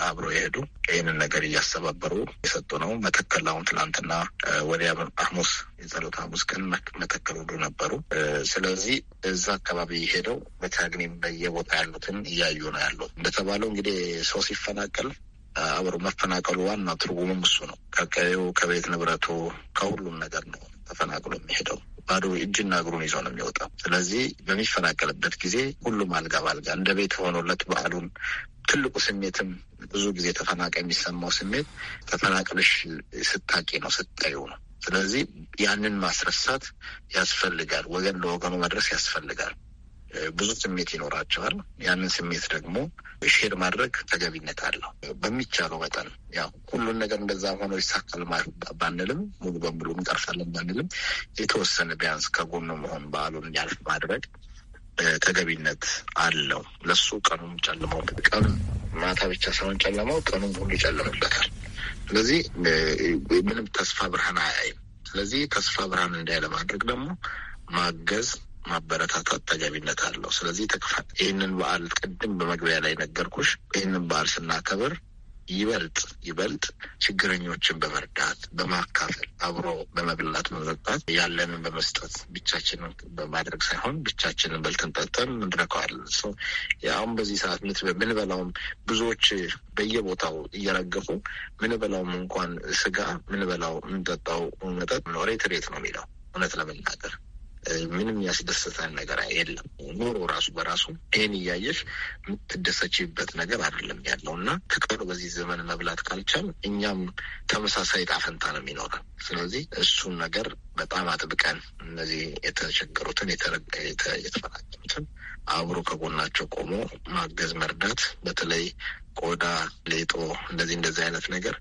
አብሮ የሄዱ ይህንን ነገር እያስተባበሩ የሰጡ ነው። መተከል አሁን ትናንትና ወዲያ ሐሙስ የጸሎት ሐሙስ ቀን መተከል ሁሉ ነበሩ። ስለዚህ እዛ አካባቢ ሄደው በቻግኒም በየቦታ ያሉትን እያዩ ነው ያለው። እንደተባለው እንግዲህ ሰው ሲፈናቀል አብሮ መፈናቀሉ ዋናው ትርጉሙም እሱ ነው። ከቀዩ ከቤት ንብረቱ ከሁሉም ነገር ነው ተፈናቅሎ የሚሄደው ባዶ እጅና እግሩን ይዞ ነው የሚወጣው። ስለዚህ በሚፈናቀልበት ጊዜ ሁሉም አልጋ ባልጋ እንደ ቤት ሆኖለት በዓሉን ትልቁ ስሜትም ብዙ ጊዜ ተፈናቃይ የሚሰማው ስሜት ተፈናቅልሽ ስታቂ ነው ስታዩ ነው። ስለዚህ ያንን ማስረሳት ያስፈልጋል። ወገን ለወገኑ መድረስ ያስፈልጋል። ብዙ ስሜት ይኖራቸዋል። ያንን ስሜት ደግሞ ሼር ማድረግ ተገቢነት አለው። በሚቻለው መጠን ያው ሁሉን ነገር እንደዛ ሆኖ ይሳካል ባንልም፣ ሙሉ በሙሉ እንቀርፋለን ባንልም፣ የተወሰነ ቢያንስ ከጎኑ መሆን በዓሉን ያልፍ ማድረግ ተገቢነት አለው። ለሱ ቀኑም ጨልመው ቀኑ ማታ ብቻ ሳይሆን ጨለመው ቀኑም ሁሉ ይጨልምበታል። ስለዚህ ምንም ተስፋ ብርሃን አያይም። ስለዚህ ተስፋ ብርሃን እንዳይ ለማድረግ ደግሞ ማገዝ ማበረታታት ተገቢነት አለው። ስለዚህ ተክፋ ይህንን በዓል ቅድም በመግቢያ ላይ ነገርኩሽ። ይህንን በዓል ስናከብር ይበልጥ ይበልጥ ችግረኞችን በመርዳት በማካፈል አብሮ በመብላት መጠጣት ያለንን በመስጠት ብቻችንን በማድረግ ሳይሆን ብቻችንን በልተን ጠጥተን እንድረከዋለን። አሁን በዚህ ሰዓት ምንበላውም ብዙዎች በየቦታው እየረገፉ ምንበላውም እንኳን ስጋ ምንበላው የምንጠጣው መጠጥ ሬት ሬት ነው የሚለው እውነት ለመናገር ምንም ያስደሰተን ነገር የለም። ኑሮ ራሱ በራሱ ይህን እያየሽ የምትደሰችበት ነገር አይደለም ያለው እና ከቀኑ በዚህ ዘመን መብላት ካልቻል እኛም ተመሳሳይ ጣፈንታ ነው የሚኖረን። ስለዚህ እሱን ነገር በጣም አጥብቀን እነዚህ የተቸገሩትን የተፈናቀሉትን አብሮ ከጎናቸው ቆሞ ማገዝ መርዳት፣ በተለይ ቆዳ፣ ሌጦ እንደዚህ እንደዚህ አይነት ነገር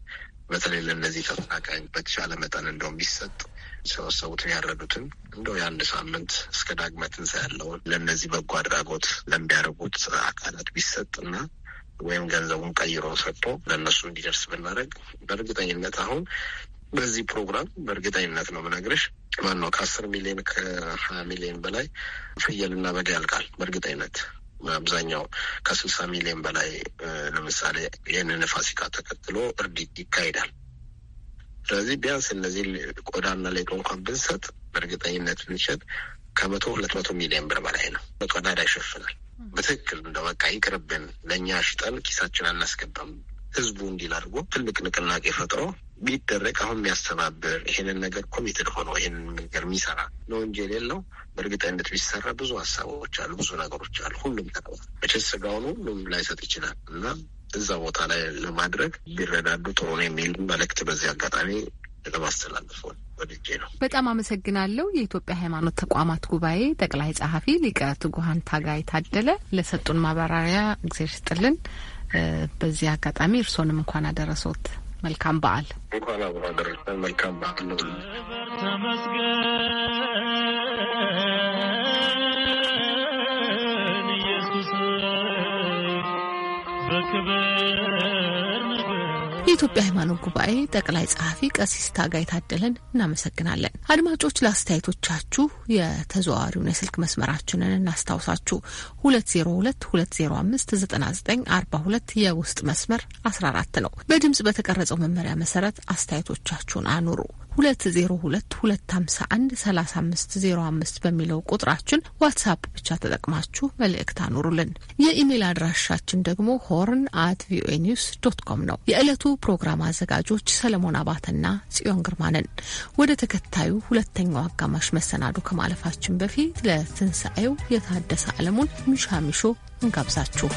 በተለይ ለእነዚህ ተፈናቃኝ በተቻለ መጠን እንደውም ቢሰጥ ሰበሰቡትን ያረዱትን እንደው የአንድ ሳምንት እስከ ዳግመ ትንሣኤ ያለውን ለእነዚህ በጎ አድራጎት ለሚያደርጉት አካላት ቢሰጥና ወይም ገንዘቡን ቀይሮ ሰጥቶ ለእነሱ እንዲደርስ ብናደርግ በእርግጠኝነት አሁን በዚህ ፕሮግራም በእርግጠኝነት ነው ምነግርሽ ነው ከአስር ሚሊዮን ከሀያ ሚሊዮን በላይ ፍየልና በግ ያልቃል በእርግጠኝነት አብዛኛው ከስልሳ ሚሊዮን በላይ ለምሳሌ ይህንን ፋሲካ ተከትሎ እርድ ይካሄዳል። ስለዚህ ቢያንስ እነዚህ ቆዳና ሌጦ እንኳን ብንሰጥ በእርግጠኝነት ብንሸጥ ከመቶ ሁለት መቶ ሚሊዮን ብር በላይ ነው። በቀዳዳ ይሸፍናል። በትክክል እንደ በቃ ይቅርብን፣ ለእኛ ሽጠን ኪሳችን አናስገባም። ህዝቡ እንዲል አድርጎ ትልቅ ንቅናቄ ፈጥሮ ቢደረግ አሁን የሚያስተባብር ይሄንን ነገር ኮሚትድ ሆኖ ይሄንን ነገር የሚሰራ ነው እንጂ የሌለው በእርግጠኝነት ቢሰራ ብዙ ሀሳቦች አሉ፣ ብዙ ነገሮች አሉ። ሁሉም ጠ መቼስ ስጋውን ሁሉም ላይሰጥ ይችላል እና እዛ ቦታ ላይ ለማድረግ ቢረዳዱ ጥሩ ነው የሚል መልእክት በዚህ አጋጣሚ ለማስተላለፍ ወድጄ ነው። በጣም አመሰግናለሁ። የኢትዮጵያ ሃይማኖት ተቋማት ጉባኤ ጠቅላይ ጸሐፊ ሊቀ ትጉሃን ታጋይ ታደለ ለሰጡን ማብራሪያ እግዜር ስጥልን። በዚህ አጋጣሚ እርስዎንም እንኳን አደረሶት። መልካም በዓል። እንኳን አብሮ አደረሰን። መልካም በዓል ነው። ተመስገን ኢየሱስ በክብር የኢትዮጵያ ሃይማኖት ጉባኤ ጠቅላይ ጸሐፊ ቀሲስ ታጋይ ታደለን እናመሰግናለን። አድማጮች ለአስተያየቶቻችሁ የተዘዋዋሪውን የስልክ መስመራችንን እናስታውሳችሁ። ሁለት ዜሮ ሁለት ሁለት ዜሮ አምስት ዘጠና ዘጠኝ አርባ ሁለት የውስጥ መስመር አስራ አራት ነው። በድምጽ በተቀረጸው መመሪያ መሰረት አስተያየቶቻችሁን አኑሩ። 2022513505 በሚለው ቁጥራችን ዋትሳፕ ብቻ ተጠቅማችሁ መልእክት አኑሩልን። የኢሜል አድራሻችን ደግሞ ሆርን አት ቪኦኤ ኒውስ ዶት ኮም ነው። የዕለቱ ፕሮግራም አዘጋጆች ሰለሞን አባተና ጽዮን ግርማ ነን። ወደ ተከታዩ ሁለተኛው አጋማሽ መሰናዶ ከማለፋችን በፊት ለትንሣኤው የታደሰ ዓለሙን ሚሻ ሚሾ እንጋብዛችሁ።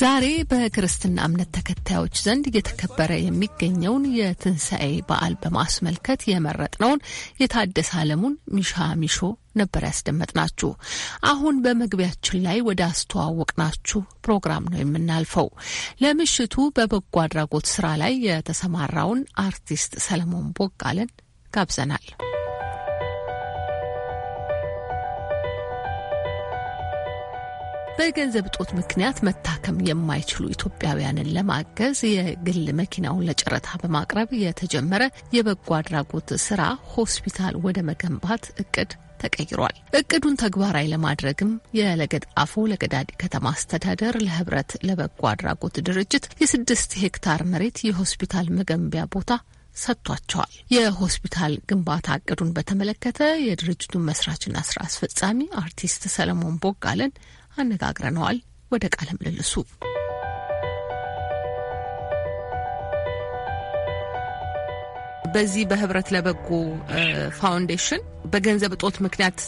ዛሬ በክርስትና እምነት ተከታዮች ዘንድ እየተከበረ የሚገኘውን የትንሣኤ በዓል በማስመልከት የመረጥነውን የታደሰ አለሙን ሚሻ ሚሾ ነበር ያስደመጥናችሁ። አሁን በመግቢያችን ላይ ወደ አስተዋወቅናችሁ ፕሮግራም ነው የምናልፈው። ለምሽቱ በበጎ አድራጎት ስራ ላይ የተሰማራውን አርቲስት ሰለሞን ቦጋለን ጋብዘናል። በገንዘብ እጦት ምክንያት መታከም የማይችሉ ኢትዮጵያውያንን ለማገዝ የግል መኪናውን ለጨረታ በማቅረብ የተጀመረ የበጎ አድራጎት ስራ ሆስፒታል ወደ መገንባት እቅድ ተቀይሯል። እቅዱን ተግባራዊ ለማድረግም የለገጣፎ ለገዳዲ ከተማ አስተዳደር ለህብረት ለበጎ አድራጎት ድርጅት የስድስት ሄክታር መሬት የሆስፒታል መገንቢያ ቦታ ሰጥቷቸዋል። የሆስፒታል ግንባታ እቅዱን በተመለከተ የድርጅቱን መስራችና ስራ አስፈጻሚ አርቲስት ሰለሞን ቦጋለን አነጋግረነዋል። ወደ ቃለ ምልልሱ በዚህ በህብረት ለበጎ ፋውንዴሽን በገንዘብ እጦት ምክንያት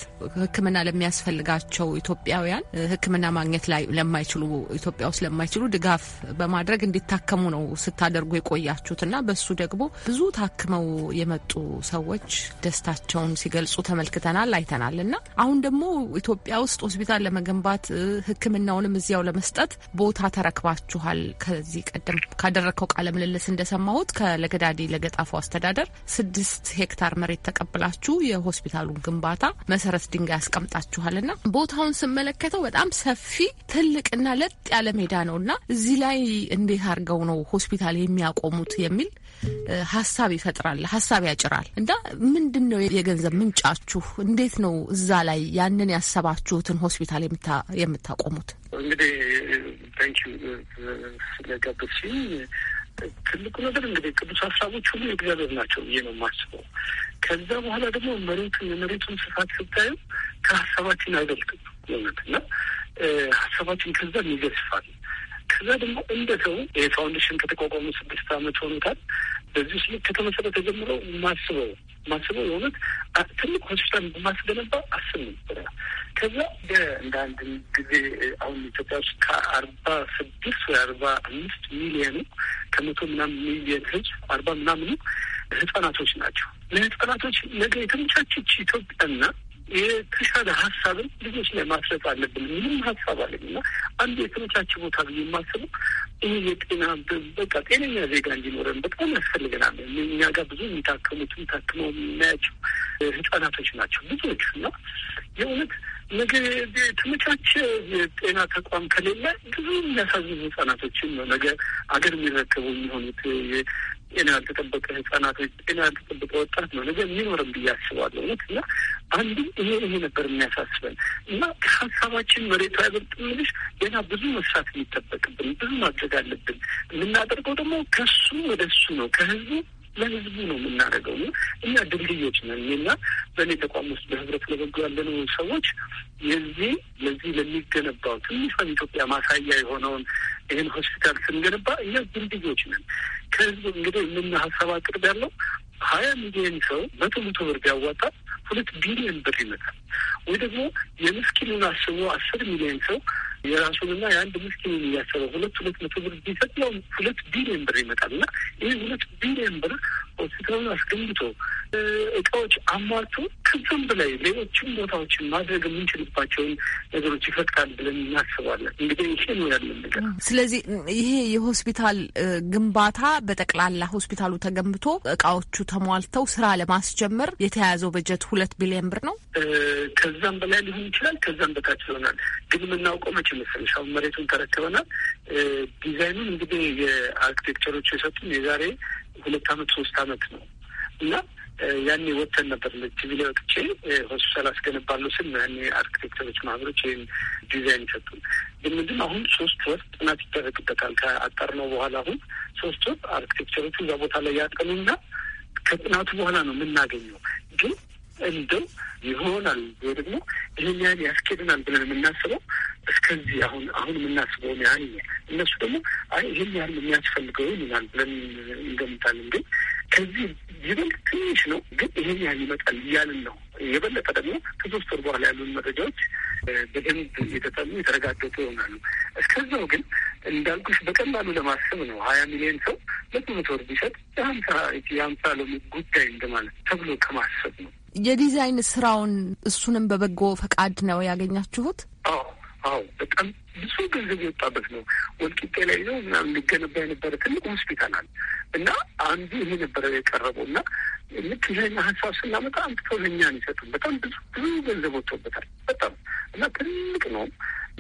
ሕክምና ለሚያስፈልጋቸው ኢትዮጵያውያን ሕክምና ማግኘት ላይ ለማይችሉ ኢትዮጵያ ውስጥ ለማይችሉ ድጋፍ በማድረግ እንዲታከሙ ነው ስታደርጉ የቆያችሁት እና በሱ ደግሞ ብዙ ታክመው የመጡ ሰዎች ደስታቸውን ሲገልጹ ተመልክተናል፣ አይተናል እና አሁን ደግሞ ኢትዮጵያ ውስጥ ሆስፒታል ለመገንባት ሕክምናውንም እዚያው ለመስጠት ቦታ ተረክባችኋል። ከዚህ ቀደም ካደረግከው ቃለ ምልልስ እንደሰማሁት ከለገዳዲ ለገጣፎ አስተዳደር ስድስት ሄክታር መሬት ተቀብላችሁ የሆስ የሆስፒታሉን ግንባታ መሰረት ድንጋይ ያስቀምጣችኋልና ቦታውን ስመለከተው በጣም ሰፊ ትልቅና ለጥ ያለ ሜዳ ነው እና እዚህ ላይ እንዴት አድርገው ነው ሆስፒታል የሚያቆሙት የሚል ሀሳብ ይፈጥራል፣ ሀሳብ ያጭራል። እና ምንድን ነው የገንዘብ ምንጫችሁ? እንዴት ነው እዛ ላይ ያንን ያሰባችሁትን ሆስፒታል የምታቆሙት? እንግዲህ ታንኪዩ ስለጋበዝሽኝ ትልቁ ነገር እንግዲህ ቅዱስ ሀሳቦች ሁሉ የእግዚአብሔር ናቸው ብዬ ነው የማስበው። ከዛ በኋላ ደግሞ መሬቱን የመሬቱን ስፋት ስታዩ ከሀሳባችን አይበልጥም እውነት እና ሀሳባችን ከዛ ይገዝፋል። ከዛ ደግሞ እንደ ሰው የፋውንዴሽን ፋውንዴሽን ከተቋቋሙ ስድስት ዓመት ሆኖታል። በዚህ ስልክ ከተመሰረተ ጀምሮ ማስበው ማስበው የሆኑት ትልቅ ሆስፒታል እንደማስገነባ አስብ ነበረ። ከዛ እንደ አንድ ጊዜ አሁን ኢትዮጵያ ውስጥ ከአርባ ስድስት ወይ አርባ አምስት ሚሊየኑ ከመቶ ምናምን ሚሊየን ህዝብ አርባ ምናምኑ ህጻናቶች ናቸው። ለህጻናቶች ነገ የተመቻቸች ኢትዮጵያና የተሻለ ሀሳብን ልጆች ላይ ማስረጽ አለብን። ምንም ሀሳብ አለኝ እና አንዱ የተመቻቸ ቦታ ብዬ የማስበው ይህ የጤና በቃ ጤነኛ ዜጋ እንዲኖረን በጣም ያስፈልገናል። እኛ ጋር ብዙ የሚታከሙት የሚታክመው የምናያቸው ህጻናቶች ናቸው ብዙዎቹ እና የእውነት ምግብ ተመቻቸ ጤና ተቋም ከሌለ ብዙ የሚያሳዝኑ ህጻናቶችን ነው ነገ አገር የሚረከቡ የሚሆኑት። ጤና ያልተጠበቀ ህጻናቶች፣ ጤና ያልተጠበቀ ወጣት ነው ነገ የሚኖርም ብዬ አስባለሁ። እውነት እና አንዱ ይሄ ይሄ ነበር የሚያሳስበን እና ከሀሳባችን መሬቱ አይበልጥም ምልሽ ገና ብዙ መስራት የሚጠበቅብን ብዙ ማድረግ አለብን። የምናደርገው ደግሞ ከሱ ወደ እሱ ነው ከህዝቡ ለህዝቡ ነው የምናደርገው እና እኛ ድልድዮች ነን እና በእኔ ተቋም ውስጥ በህብረት ለበጎ ያለነው ሰዎች የዚህ ለዚህ ለሚገነባው ትንሿን ኢትዮጵያ ማሳያ የሆነውን ይህን ሆስፒታል ስንገነባ እኛ ድልድዮች ነን። ከህዝብ እንግዲህ የምና ሀሳብ አቅርብ ያለው ሀያ ሚሊዮን ሰው መቶ መቶ ብር ቢያዋጣ ሁለት ቢሊዮን ብር ይመጣል። ወይ ደግሞ የምስኪኑን አስቦ አስር ሚሊዮን ሰው የራሱንና የአንድ ምስኪኑን እያሰበ ሁለት ሁለት መቶ ብር ቢሰጥ ያው ሁለት ቢሊዮን ብር ይመጣል እና ይህ ሁለት ቢሊዮን ብር ሆስፒታሉን አስገንብቶ እቃዎች አሟልቶ ከዛም በላይ ሌሎችም ቦታዎችን ማድረግ የምንችልባቸውን ነገሮች ይፈጥራል ብለን እናስባለን። እንግዲህ ይሄ ነው ያለን ነገር። ስለዚህ ይሄ የሆስፒታል ግንባታ በጠቅላላ ሆስፒታሉ ተገንብቶ እቃዎቹ ተሟልተው ስራ ለማስጀመር የተያዘው በጀት ሁለት ቢሊዮን ብር ነው። ከዛም በላይ ሊሆን ይችላል፣ ከዛም በታች ይሆናል። ግን የምናውቀው መቼ መሰለሽ አሁን መሬቱን ተረክበናል። ዲዛይኑን እንግዲህ የአርክቴክቸሮች የሰጡን የዛሬ ሁለት አመት ሶስት አመት ነው እና ያኔ ወተን ነበር ቲቪ ላይ ወጥቼ ሆስፒታል አስገነባለሁ ስል ያኔ አርኪቴክተሮች ማህበሮች ይህን ዲዛይን ይሰጡን። ግን አሁን ሶስት ወር ጥናት ይደረግበታል። ነው በኋላ አሁን ሶስት ወር አርክቴክቸሮቹ እዛ ቦታ ላይ ያጠኑና ከጥናቱ በኋላ ነው የምናገኘው ግን እንደው ይሆናል ወይ ደግሞ ይህን ያህል ያስኬድናል ብለን የምናስበው እስከዚህ አሁን አሁን የምናስበውን ያህል እነሱ ደግሞ አይ ይህን ያህል የሚያስፈልገው ይሆናል ብለን እንገምታለን። ግን ከዚህ ይበልጥ ትንሽ ነው፣ ግን ይህን ያህል ይመጣል እያልን ነው። የበለጠ ደግሞ ከሶስት ወር በኋላ ያሉን መረጃዎች በደንብ የተጠኑ የተረጋገጡ ይሆናሉ። እስከዚያው ግን እንዳልኩሽ በቀላሉ ለማሰብ ነው። ሀያ ሚሊዮን ሰው ሁለት መቶ ወር ቢሰጥ የሀምሳ የሀምሳ ሎሚ ጉዳይ እንደማለት ተብሎ ከማሰብ ነው። የዲዛይን ስራውን እሱንም በበጎ ፈቃድ ነው ያገኛችሁት? አዎ አዎ፣ በጣም ብዙ ገንዘብ የወጣበት ነው። ወልቂጤ ላይ ነው እና የሚገነባ የነበረ ትልቅ ሆስፒታል አለ እና አንዱ ይሄ ነበረ የቀረበው እና ልክ ይህን ሀሳብ ስናመጣ አንጥቶ ለእኛን ይሰጡን። በጣም ብዙ ብዙ ገንዘብ ወጥቶበታል። በጣም እና ትልቅ ነው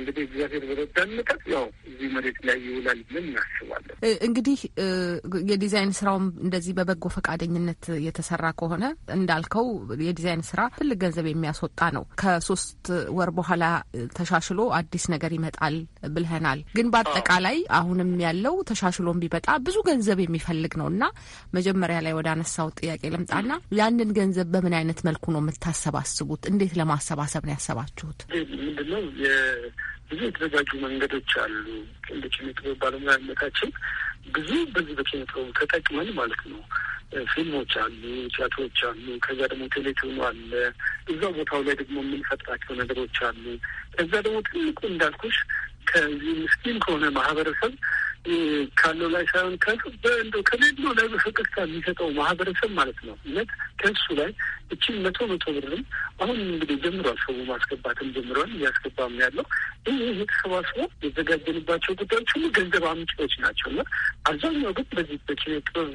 እንግዲህ እግዚአብሔር በረዳን ያው እዚህ መሬት ላይ ይውላል ብለን እናስባለን። እንግዲህ የዲዛይን ስራውም እንደዚህ በበጎ ፈቃደኝነት የተሰራ ከሆነ እንዳልከው የዲዛይን ስራ ትልቅ ገንዘብ የሚያስወጣ ነው። ከሶስት ወር በኋላ ተሻሽሎ አዲስ ነገር ይመጣል ብልህናል። ግን በአጠቃላይ አሁንም ያለው ተሻሽሎም ቢመጣ ብዙ ገንዘብ የሚፈልግ ነው እና መጀመሪያ ላይ ወደ አነሳው ጥያቄ ልምጣና ያንን ገንዘብ በምን አይነት መልኩ ነው የምታሰባስቡት? እንዴት ለማሰባሰብ ነው ያሰባችሁት? ምንድነው ብዙ የተዘጋጁ መንገዶች አሉ። እንደ ኪነ ጥበብ ባለሙያነታችን ብዙ በዚህ በኪነ ጥበቡ ተጠቅመን ማለት ነው ፊልሞች አሉ፣ ቲያትሮች አሉ። ከዛ ደግሞ ቴሌቪዥኑ አለ። እዛው ቦታው ላይ ደግሞ የምንፈጥራቸው ነገሮች አሉ። ከዛ ደግሞ ትልቁ እንዳልኩሽ ከዚህ ምስኪን ከሆነ ማህበረሰብ ካለው ላይ ሳይሆን ከእንደ ከሌሎ ላይ በፈገግታ የሚሰጠው ማህበረሰብ ማለት ነው። እነት ከእሱ ላይ እችን መቶ መቶ ብርም አሁን እንግዲህ ጀምሯል፣ ሰው ማስገባትም ጀምሯል፣ እያስገባም ያለው ይህ የተሰባስበው የተዘጋጀንባቸው ጉዳዮች ሁሉ ገንዘብ አምጪዎች ናቸው እና አብዛኛው ግን በዚህ በኪነ ጥበብ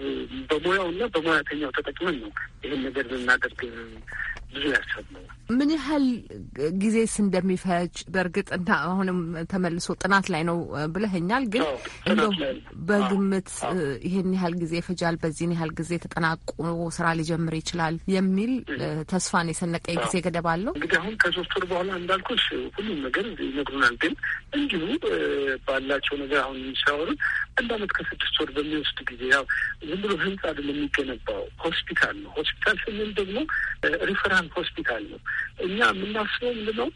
በሙያውና በሙያተኛው ተጠቅመን ነው ይህን ነገር ልናደርግ ብዙ ያሰብነው። ምን ያህል ጊዜስ እንደሚፈጅ በእርግጥ እና አሁንም ተመልሶ ጥናት ላይ ነው ብለኸኛል። ግን እንደው በግምት ይህን ያህል ጊዜ ይፈጃል፣ በዚህን ያህል ጊዜ ተጠናቁ ስራ ሊጀምር ይችላል የሚል ተስፋን የሰነቀ ጊዜ ገደብ አለው? እንግዲህ አሁን ከሶስት ወር በኋላ እንዳልኩሽ ሁሉም ነገር ይነግሩናል። ግን እንዲሁ ባላቸው ነገር አሁን የሚሰሩ አንድ አመት ከስድስት ወር በሚወስድ ጊዜ ያው ዝም ብሎ ህንጻ አይደለም የሚገነባው፣ ሆስፒታል ነው። ሆስፒታል ስንል ደግሞ ሪፈራል ሆስፒታል ነው። እኛ የምናስበው ምንድነው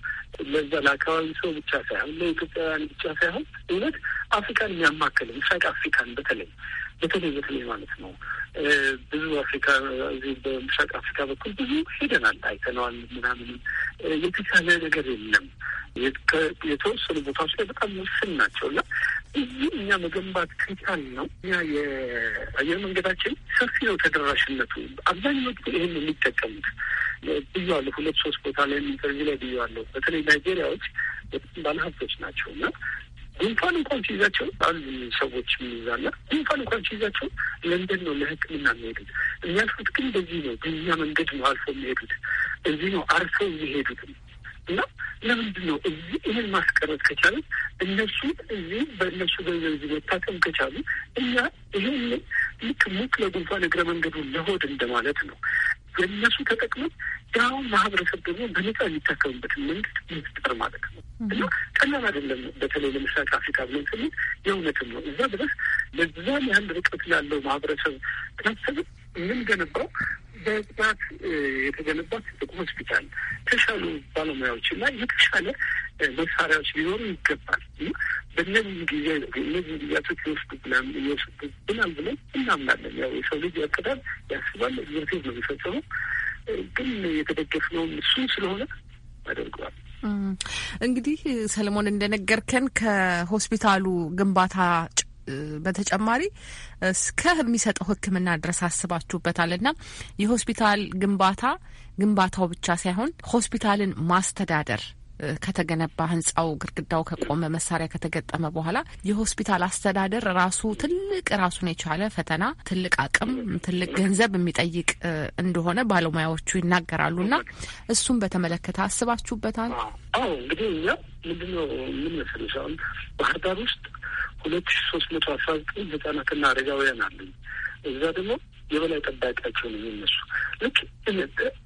ለዛ ለአካባቢ ሰው ብቻ ሳይሆን ለኢትዮጵያውያን ብቻ ሳይሆን እውነት አፍሪካን የሚያማክል ምስራቅ አፍሪካን በተለይ በተለይ በተለይ ማለት ነው ብዙ አፍሪካ እዚህ በምስራቅ አፍሪካ በኩል ብዙ ሄደናል፣ አይተነዋል። ምናምንም የተቻለ ነገር የለም። የተወሰኑ ቦታዎች ላይ በጣም ውስን ናቸው እና እዚህ እኛ መገንባት ከቻል ነው እኛ የአየር መንገዳችን ሰፊ ነው ተደራሽነቱ። አብዛኛው ይህን የሚጠቀሙት ብያዋለሁ፣ ሁለት ሶስት ቦታ ላይ ኢንተርቪው ላይ ብያዋለሁ። በተለይ ናይጄሪያዎች በጣም ባለሀብቶች ናቸው እና ጉንፋን እንኳን ሲይዛቸው አሉ ሰዎች የሚይዛለ ጉንፋን እንኳን ሲይዛቸው ለንደን ነው ለሕክምና የሚሄዱት። የሚያልፉት ግን በዚህ ነው፣ በኛ መንገድ ነው አልፎ የሚሄዱት እዚህ ነው አርፈው የሚሄዱት እና ለምንድን ነው እዚህ ይህን ማስቀረት ከቻሉ እነሱ እዚህ በእነሱ ገንዘብ እዚህ መታከም ከቻሉ እኛ ይህን ልክ ሙቅ ለጉንፋን እግረ መንገዱን ለሆድ እንደማለት ነው የእነሱ ተጠቅመን ያው ማህበረሰብ ደግሞ በነጻ የሚታከምበትን መንግስት መፍጠር ማለት ነው እና ቀላል አይደለም። በተለይ ለምስራቅ አፍሪካ ብለን ስንል የእውነትም ነው። እዛ ድረስ ለዛም ያህል ርቀት ላለው ማህበረሰብ ታሰብ የምንገነባው በጥናት የተገነባ ትልቅ ሆስፒታል የተሻሉ ባለሙያዎች እና የተሻለ መሳሪያዎች ሊኖሩ ይገባል እና በእነዚህ ጊዜ እነዚህ ጊዜያቶች ይወስዱ ይወስዱብናል ይወስዱብናል ብለን እናምናለን። ያው የሰው ልጅ ያቅዳል፣ ያስባል፣ እግዚአብሔር ነው የሚፈጽመው ግን ነው እሱን ስለሆነ አደርገዋል። እንግዲህ ሰለሞን እንደነገርከን ከሆስፒታሉ ግንባታ በተጨማሪ እስከ የሚሰጠው ሕክምና ድረስ አስባችሁበታል እና የሆስፒታል ግንባታ ግንባታው ብቻ ሳይሆን ሆስፒታልን ማስተዳደር ከተገነባ ህንጻው ግድግዳው ከቆመ መሳሪያ ከተገጠመ በኋላ የሆስፒታል አስተዳደር ራሱ ትልቅ ራሱን የቻለ ፈተና፣ ትልቅ አቅም፣ ትልቅ ገንዘብ የሚጠይቅ እንደሆነ ባለሙያዎቹ ይናገራሉና እሱን በተመለከተ አስባችሁበታል? አዎ እንግዲህ እኛ ምንድነው ምን መሰለሽ አሁን ባህር ዳር ውስጥ ሁለት ሺ ሶስት መቶ አስራ ዘጠኝ ህጻናትና አረጋውያን አለኝ እዛ ደግሞ የበላይ ጠባቂያቸው ነው የሚነሱ። ልክ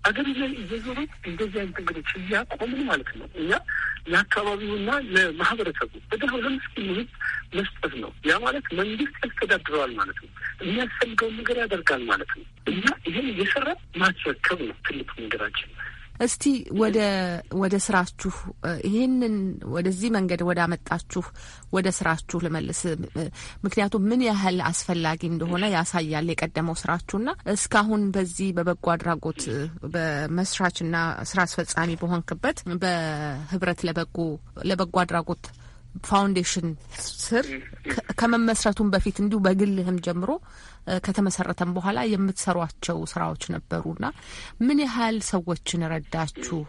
አገር ላይ እየዞሩ እንደዚህ አይነት እንግዶች እያቆምን ማለት ነው እኛ ለአካባቢውና ለማህበረሰቡ በደሁ ለምስኪኑ ሕዝብ መስጠት ነው። ያ ማለት መንግስት ያስተዳድረዋል ማለት ነው። የሚያስፈልገውን ነገር ያደርጋል ማለት ነው። እና ይህን እየሰራ ማስረከብ ነው ትልቁ ነገራችን። እስቲ ወደ ወደ ስራችሁ ይህንን ወደዚህ መንገድ ወዳመጣችሁ ወደ ስራችሁ ልመልስ። ምክንያቱም ምን ያህል አስፈላጊ እንደሆነ ያሳያል የቀደመው ስራችሁና እስካሁን በዚህ በበጎ አድራጎት በመስራችና ስራ አስፈጻሚ በሆንክበት በህብረት ለበጎ አድራጎት ፋውንዴሽን ስር ከመመስረቱም በፊት እንዲሁ በግልህም ጀምሮ ከተመሰረተም በኋላ የምትሰሯቸው ስራዎች ነበሩና ምን ያህል ሰዎችን ረዳችሁ?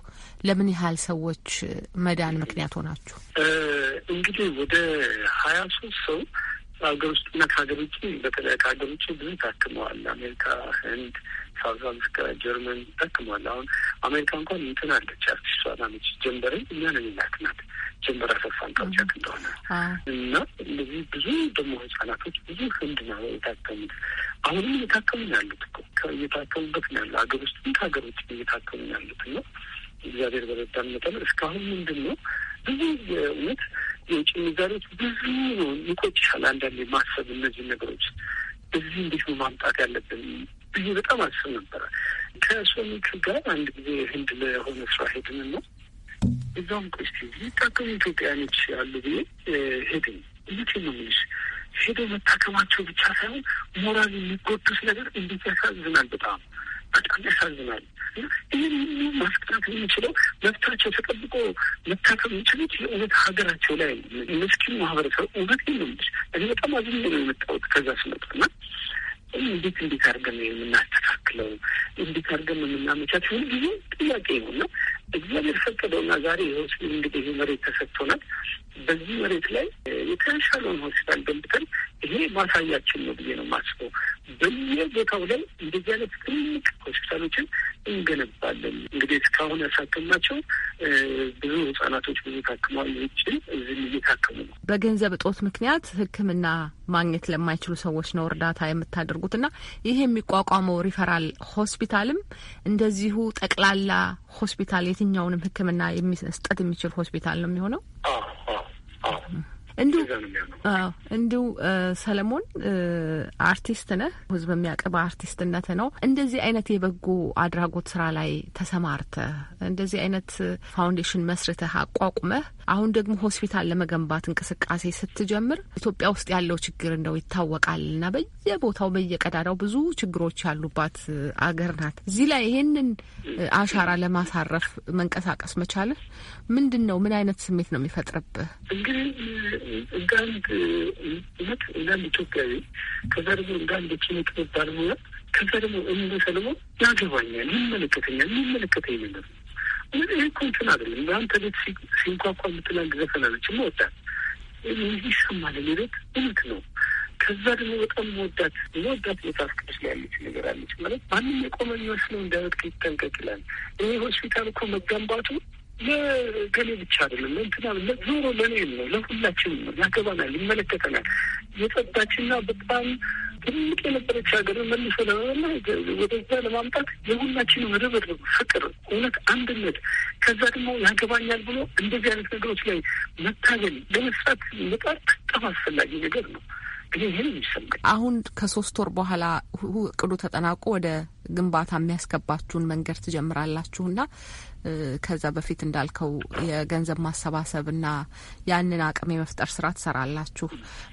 ለምን ያህል ሰዎች መዳን ምክንያት ሆናችሁ? እንግዲህ ወደ ሀያ ሶስት ሰው ከሀገር ውስጥና ከሀገር ውጭ በተለይ ከሀገር ውጭ ብዙ ታክመዋል። አሜሪካ፣ ህንድ፣ ሳውዝ አፍሪካ፣ ጀርመን ታክመዋል። አሁን አሜሪካ እንኳን እንትን አለች አርቲስቷ ናመች ጀንበርን እኛ ነን የሚላክናት ጀንበር በራሳሳን ፕሮጀክት እንደሆነ እና እነዚህ ብዙ ደግሞ ህጻናቶች ብዙ ህንድ ነው የታከሙት። አሁንም እየታከሙ ያሉት እኮ እየታከሙበት ነው ያለ ሀገር ውስጥም ከሀገር ውጭ እየታከሙ ያሉት ነው። እግዚአብሔር በረዳን መጠን እስካሁን ምንድን ነው ብዙ የእውነት የውጭ ምንዛሪዎች ብዙ ነው። ይቆጭሻል አንዳንዴ ማሰብ እነዚህ ነገሮች እዚህ እንዴት ነው ማምጣት ያለብን ብዬ በጣም አስብ ነበረ። ከሶኒክ ጋር አንድ ጊዜ ህንድ ለሆነ ስራ ሄድን ነው እዛም ቆስቲ የሚታከሙ ኢትዮጵያኖች ያሉ ብዬ ሄደ እንዴት ነው ምንሽ ሄደ መታከማቸው ብቻ ሳይሆን ሞራል የሚጎዱስ ነገር እንዴት ያሳዝናል። በጣም በጣም ያሳዝናል። ይህን ሁሉ ማስቀረት የሚችለው መብታቸው ተጠብቆ መታከም የሚችሉት የእውነት ሀገራቸው ላይ ምስኪን ማህበረሰብ እውነት ነው ምንሽ እኔ በጣም አዝኜ ነው የመጣሁት ከዛ ስመጣና እንዴት እንዴት አድርገን የምናስተካክለው እንዴት አድርገን የምናመቻቸው ሁሉ ጊዜ ጥያቄ ነው እና እግዚአብሔር ፈቀደውና ዛሬ ይኸው እንግዲህ መሬት ተሰጥቶናል። በዚህ መሬት ላይ የተሻለውን ሆስፒታል ገንብተን ይሄ ማሳያችን ነው ብዬ ነው የማስበው። በየቦታው ላይ እንደዚህ አይነት ትልቅ ሆስፒታሎችን እንገነባለን። እንግዲህ እስካሁን ያሳከምናቸው ብዙ ህጻናቶች ብዙ ታክመዋል። ውጭ እዚህም እየታከሙ ነው። በገንዘብ እጦት ምክንያት ሕክምና ማግኘት ለማይችሉ ሰዎች ነው እርዳታ የምታደርጉት እና ይህ የሚቋቋመው ሪፈራል ሆስፒታልም እንደዚሁ ጠቅላላ ሆስፒታል የትኛውንም ሕክምና መስጠት የሚችል ሆስፒታል ነው የሚሆነው? እንዲሁ እንዲሁ ሰለሞን አርቲስት ነህ፣ ህዝብ የሚያቅብ አርቲስትነት ነው። እንደዚህ አይነት የበጎ አድራጎት ስራ ላይ ተሰማርተህ እንደዚህ አይነት ፋውንዴሽን መስርተህ አቋቁመህ አሁን ደግሞ ሆስፒታል ለመገንባት እንቅስቃሴ ስትጀምር ኢትዮጵያ ውስጥ ያለው ችግር እንደው ይታወቃል እና በየቦታው በየቀዳዳው ብዙ ችግሮች ያሉባት አገር ናት። እዚህ ላይ ይሄንን አሻራ ለማሳረፍ መንቀሳቀስ መቻልህ ምንድን ነው? ምን አይነት ስሜት ነው የሚፈጥርብህ? እንግዲህ ጋንድ ነት እንዳንድ ኢትዮጵያዊ ከዘርቡ እንዳንድ ኪኒክ ባለሙያ ከዘርቡ እንደ ያገባኛል፣ ይመለከተኛል፣ ይመለከተኝ ነገር ነው ይህ እኮ እንትን አይደለም። በአንተ ቤት ሲንኳኳ የምትላል ዘፈናለች መወዳት ይሰማል ሌሎት እውነት ነው። ከዛ ደግሞ በጣም መወዳት መወዳት መጽሐፍ ቅዱስ ላይ ያለች ነገር አለች ማለት ማንም የቆመ የሚመስለው እንዳይወድቅ ይጠንቀቅ ይላል። ይህ ሆስፒታል እኮ መገንባቱ ለገሌ ብቻ አይደለም፣ ለእንትና ዞሮ ለእኔም ነው፣ ለሁላችንም ነው። ያገባናል፣ ይመለከተናል። የጸዳችና በጣም ትልቅ የነበረች ሀገር መልሶ ለመመላ ወደዛ ለማምጣት የሁላችንም ርብርብ፣ ፍቅር፣ እውነት፣ አንድነት ከዛ ደግሞ ያገባኛል ብሎ እንደዚህ አይነት ነገሮች ላይ መታገል ለመስራት መጣር በጣም አስፈላጊ ነገር ነው። አሁን ከሶስት ወር በኋላ እቅዱ ተጠናቆ ወደ ግንባታ የሚያስገባችሁን መንገድ ትጀምራላችሁና ከዛ በፊት እንዳልከው የገንዘብ ማሰባሰብ እና ያንን አቅም የመፍጠር ስራ ትሰራላችሁ።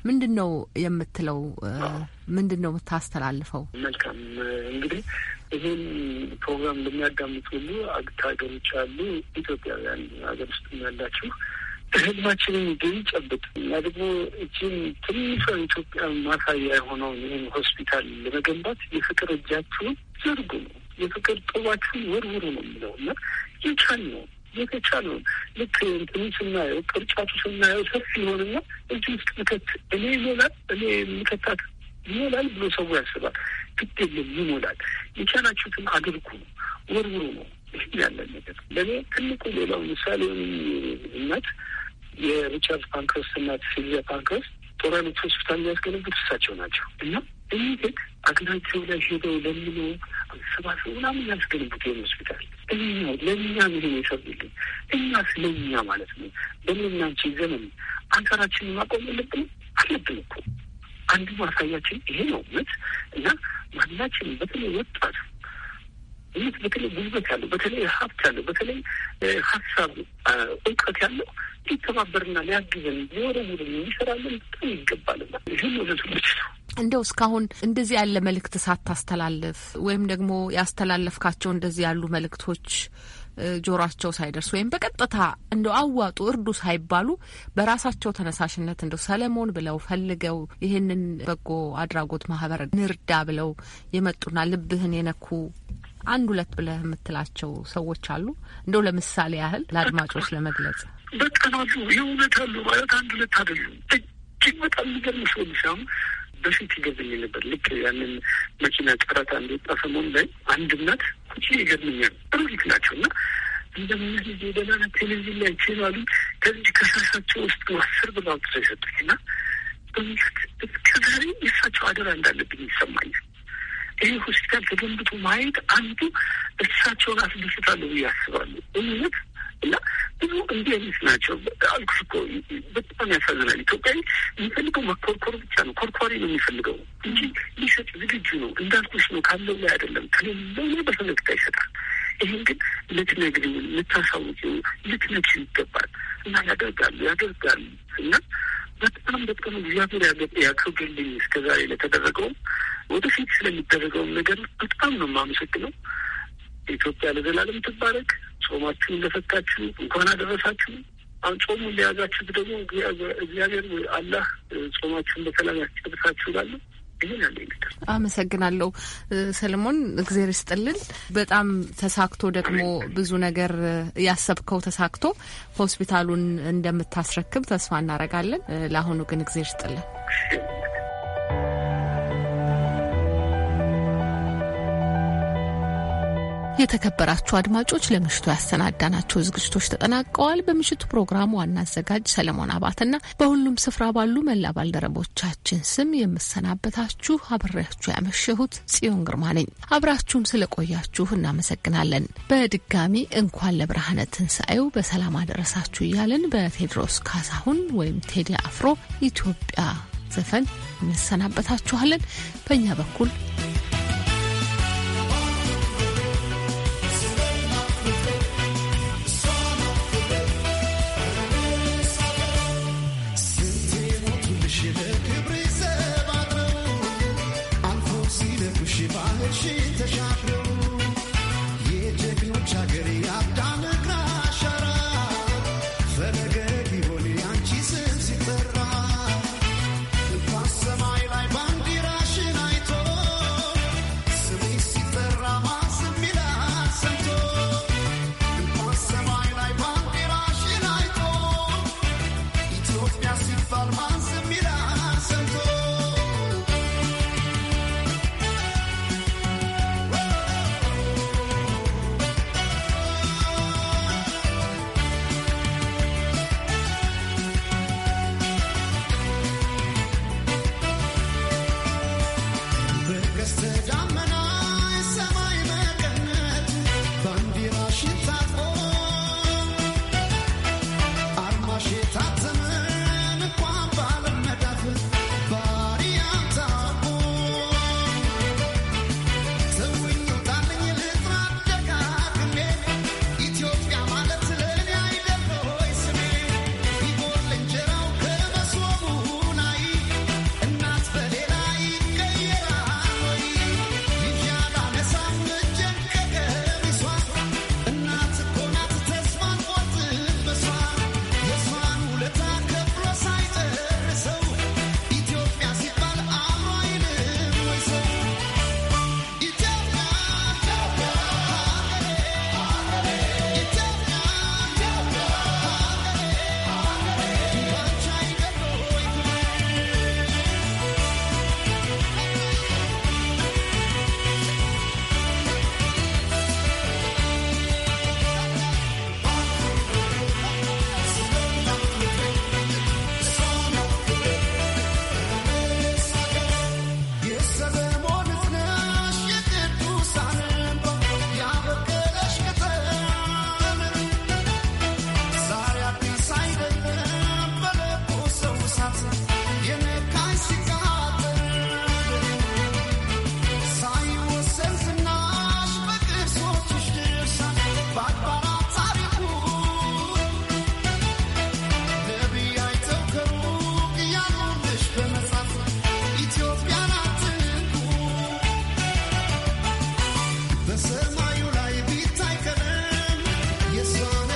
ምንድን ነው የምትለው? ምንድን ነው የምታስተላልፈው? መልካም እንግዲህ ይህን ፕሮግራም እንደሚያዳምጡ ሁሉ አግታ ሀገሮች አሉ ኢትዮጵያውያን ሀገር ውስጥ ያላችሁ ህልማችንን ግን ጨብጥ እና ደግሞ እጅን ትንሿ ኢትዮጵያ ማሳያ የሆነውን ይህን ሆስፒታል ለመገንባት የፍቅር እጃችሁን ዘርጉ ነው የፍቅር ጥባችሁን ወርውሩ ነው የሚለው እና ነው የቻልነው ነው። ልክ እንትኑ ስናየው ቅርጫቱ ስናየው ሰፊ ይሆንና እዚህ ውስጥ ምከት እኔ ይሞላል እኔ ምከታት ይሞላል ብሎ ሰው ያስባል። ግድ የለም ይሞላል። የቻላችሁትን አድርጉ ነው፣ ወርውሩ ነው ያለ ነገር። ለእኔ ትልቁ ሌላው ምሳሌ እናት የሪቻርድ ፓንክረስት እናት ሲልቪያ ፓንክረስት ጦራኖች ሆስፒታል የሚያስገነቡት እሳቸው ናቸው እና እኒህ አግናቸው ላይ ሄደው ለምነው ሰባሰብ ምናምን ያስገነቡት ይሆን ሆስፒታል እኛ ለእኛ ይሄን የሰሩልን እኛ ስለኛ ማለት ነው። በምናንቺ ዘመን አንተራችንን ማቆም የለብንም አለብን እኮ አንዱ ማሳያችን ይሄ ነው እውነት እና ማናችን በተለይ ወጣት ይህ በተለይ ጉልበት ያለው በተለይ ሀብት ያለው በተለይ ሀሳብ እውቀት ያለው ሊተባበርና ሊያግዘን ሊወረውርን የሚሰራለን በጣም ይገባልና ይህን ወደ ትሎች ነው እንደው እስካሁን እንደዚህ ያለ መልእክት ሳታስተላልፍ ወይም ደግሞ ያስተላለፍካቸው እንደዚህ ያሉ መልእክቶች ጆሯቸው ሳይደርስ ወይም በቀጥታ እንደው አዋጡ እርዱ ሳይባሉ በራሳቸው ተነሳሽነት እንደው ሰለሞን ብለው ፈልገው ይህንን በጎ አድራጎት ማህበር ንርዳ ብለው የመጡና ልብህን የነኩ አንድ ሁለት ብለህ የምትላቸው ሰዎች አሉ? እንደው ለምሳሌ ያህል ለአድማጮች ለመግለጽ። በቀናሉ የእውነት ማለት አንድ ሁለት አይደሉም። እጅግ በጣም የሚገርም ሰው በፊት ይገዝልኝ ነበር። ልክ ያንን መኪና ጨረታ እንደወጣ ሰሞን ላይ አንድ እናት ኩቺ ይገርምኛል። ሩሊክ ናቸው እና እንደምን ጊዜ ደህና ቴሌቪዥን ላይ ቼናሉ ከዚህ ከሳሳቸው ውስጥ አስር ብር አውጥቶ የሰጡኝ እና በሚት እስከ ዛሬ የእሳቸው አደራ እንዳለብኝ ይሰማኛል። ይህ ሆስፒታል ተገንብቶ ማየት አንዱ እሳቸውን አስደስታለሁ ብዬ አስባለሁ እውነት እና ብዙ እንዲህ አይነት ናቸው። አልኩሽ እኮ በጣም ያሳዝናል። ኢትዮጵያዊ የሚፈልገው መኮርኮር ብቻ ነው። ኮርኳሪ ነው የሚፈልገው እንጂ ሊሰጥ ዝግጁ ነው። እንዳልኩሽ ነው፣ ካለው ላይ አይደለም። ከሌለው ላይ በፈገግታ ይሰጣል። ይህን ግን ልትነግሪው፣ ልታሳውቂ ልትነግሽ ይገባል። እና ያደርጋሉ ያደርጋሉ እና በጣም በጣም እግዚአብሔር ያክብርልኝ እስከዛሬ ለተደረገውም ወደፊት ስለሚደረገውም ነገር በጣም ነው የማመሰግነው። ኢትዮጵያ ለዘላለም ትባረክ። ጾማችሁን ለፈታችሁ እንኳን አደረሳችሁ። አሁን ጾሙ እንደያዛችሁ ደግሞ እግዚአብሔር አላህ ጾማችሁን በሰላም ያስጨርሳችሁ ላለ አመሰግናለሁ ሰለሞን፣ እግዜር ይስጥልን። በጣም ተሳክቶ ደግሞ ብዙ ነገር ያሰብከው ተሳክቶ ሆስፒታሉን እንደምታስረክብ ተስፋ እናረጋለን። ለአሁኑ ግን እግዜር ይስጥልን። የተከበራችሁ አድማጮች ለምሽቱ ያሰናዳናቸው ዝግጅቶች ተጠናቀዋል። በምሽቱ ፕሮግራም ዋና አዘጋጅ ሰለሞን አባትና በሁሉም ስፍራ ባሉ መላ ባልደረቦቻችን ስም የምሰናበታችሁ አብሬያችሁ ያመሸሁት ጽዮን ግርማ ነኝ። አብራችሁን ስለቆያችሁ እናመሰግናለን። በድጋሚ እንኳን ለብርሃነ ትንሣኤው በሰላም አደረሳችሁ እያለን በቴድሮስ ካሳሁን ወይም ቴዲ አፍሮ ኢትዮጵያ ዘፈን እንሰናበታችኋለን። በእኛ በኩል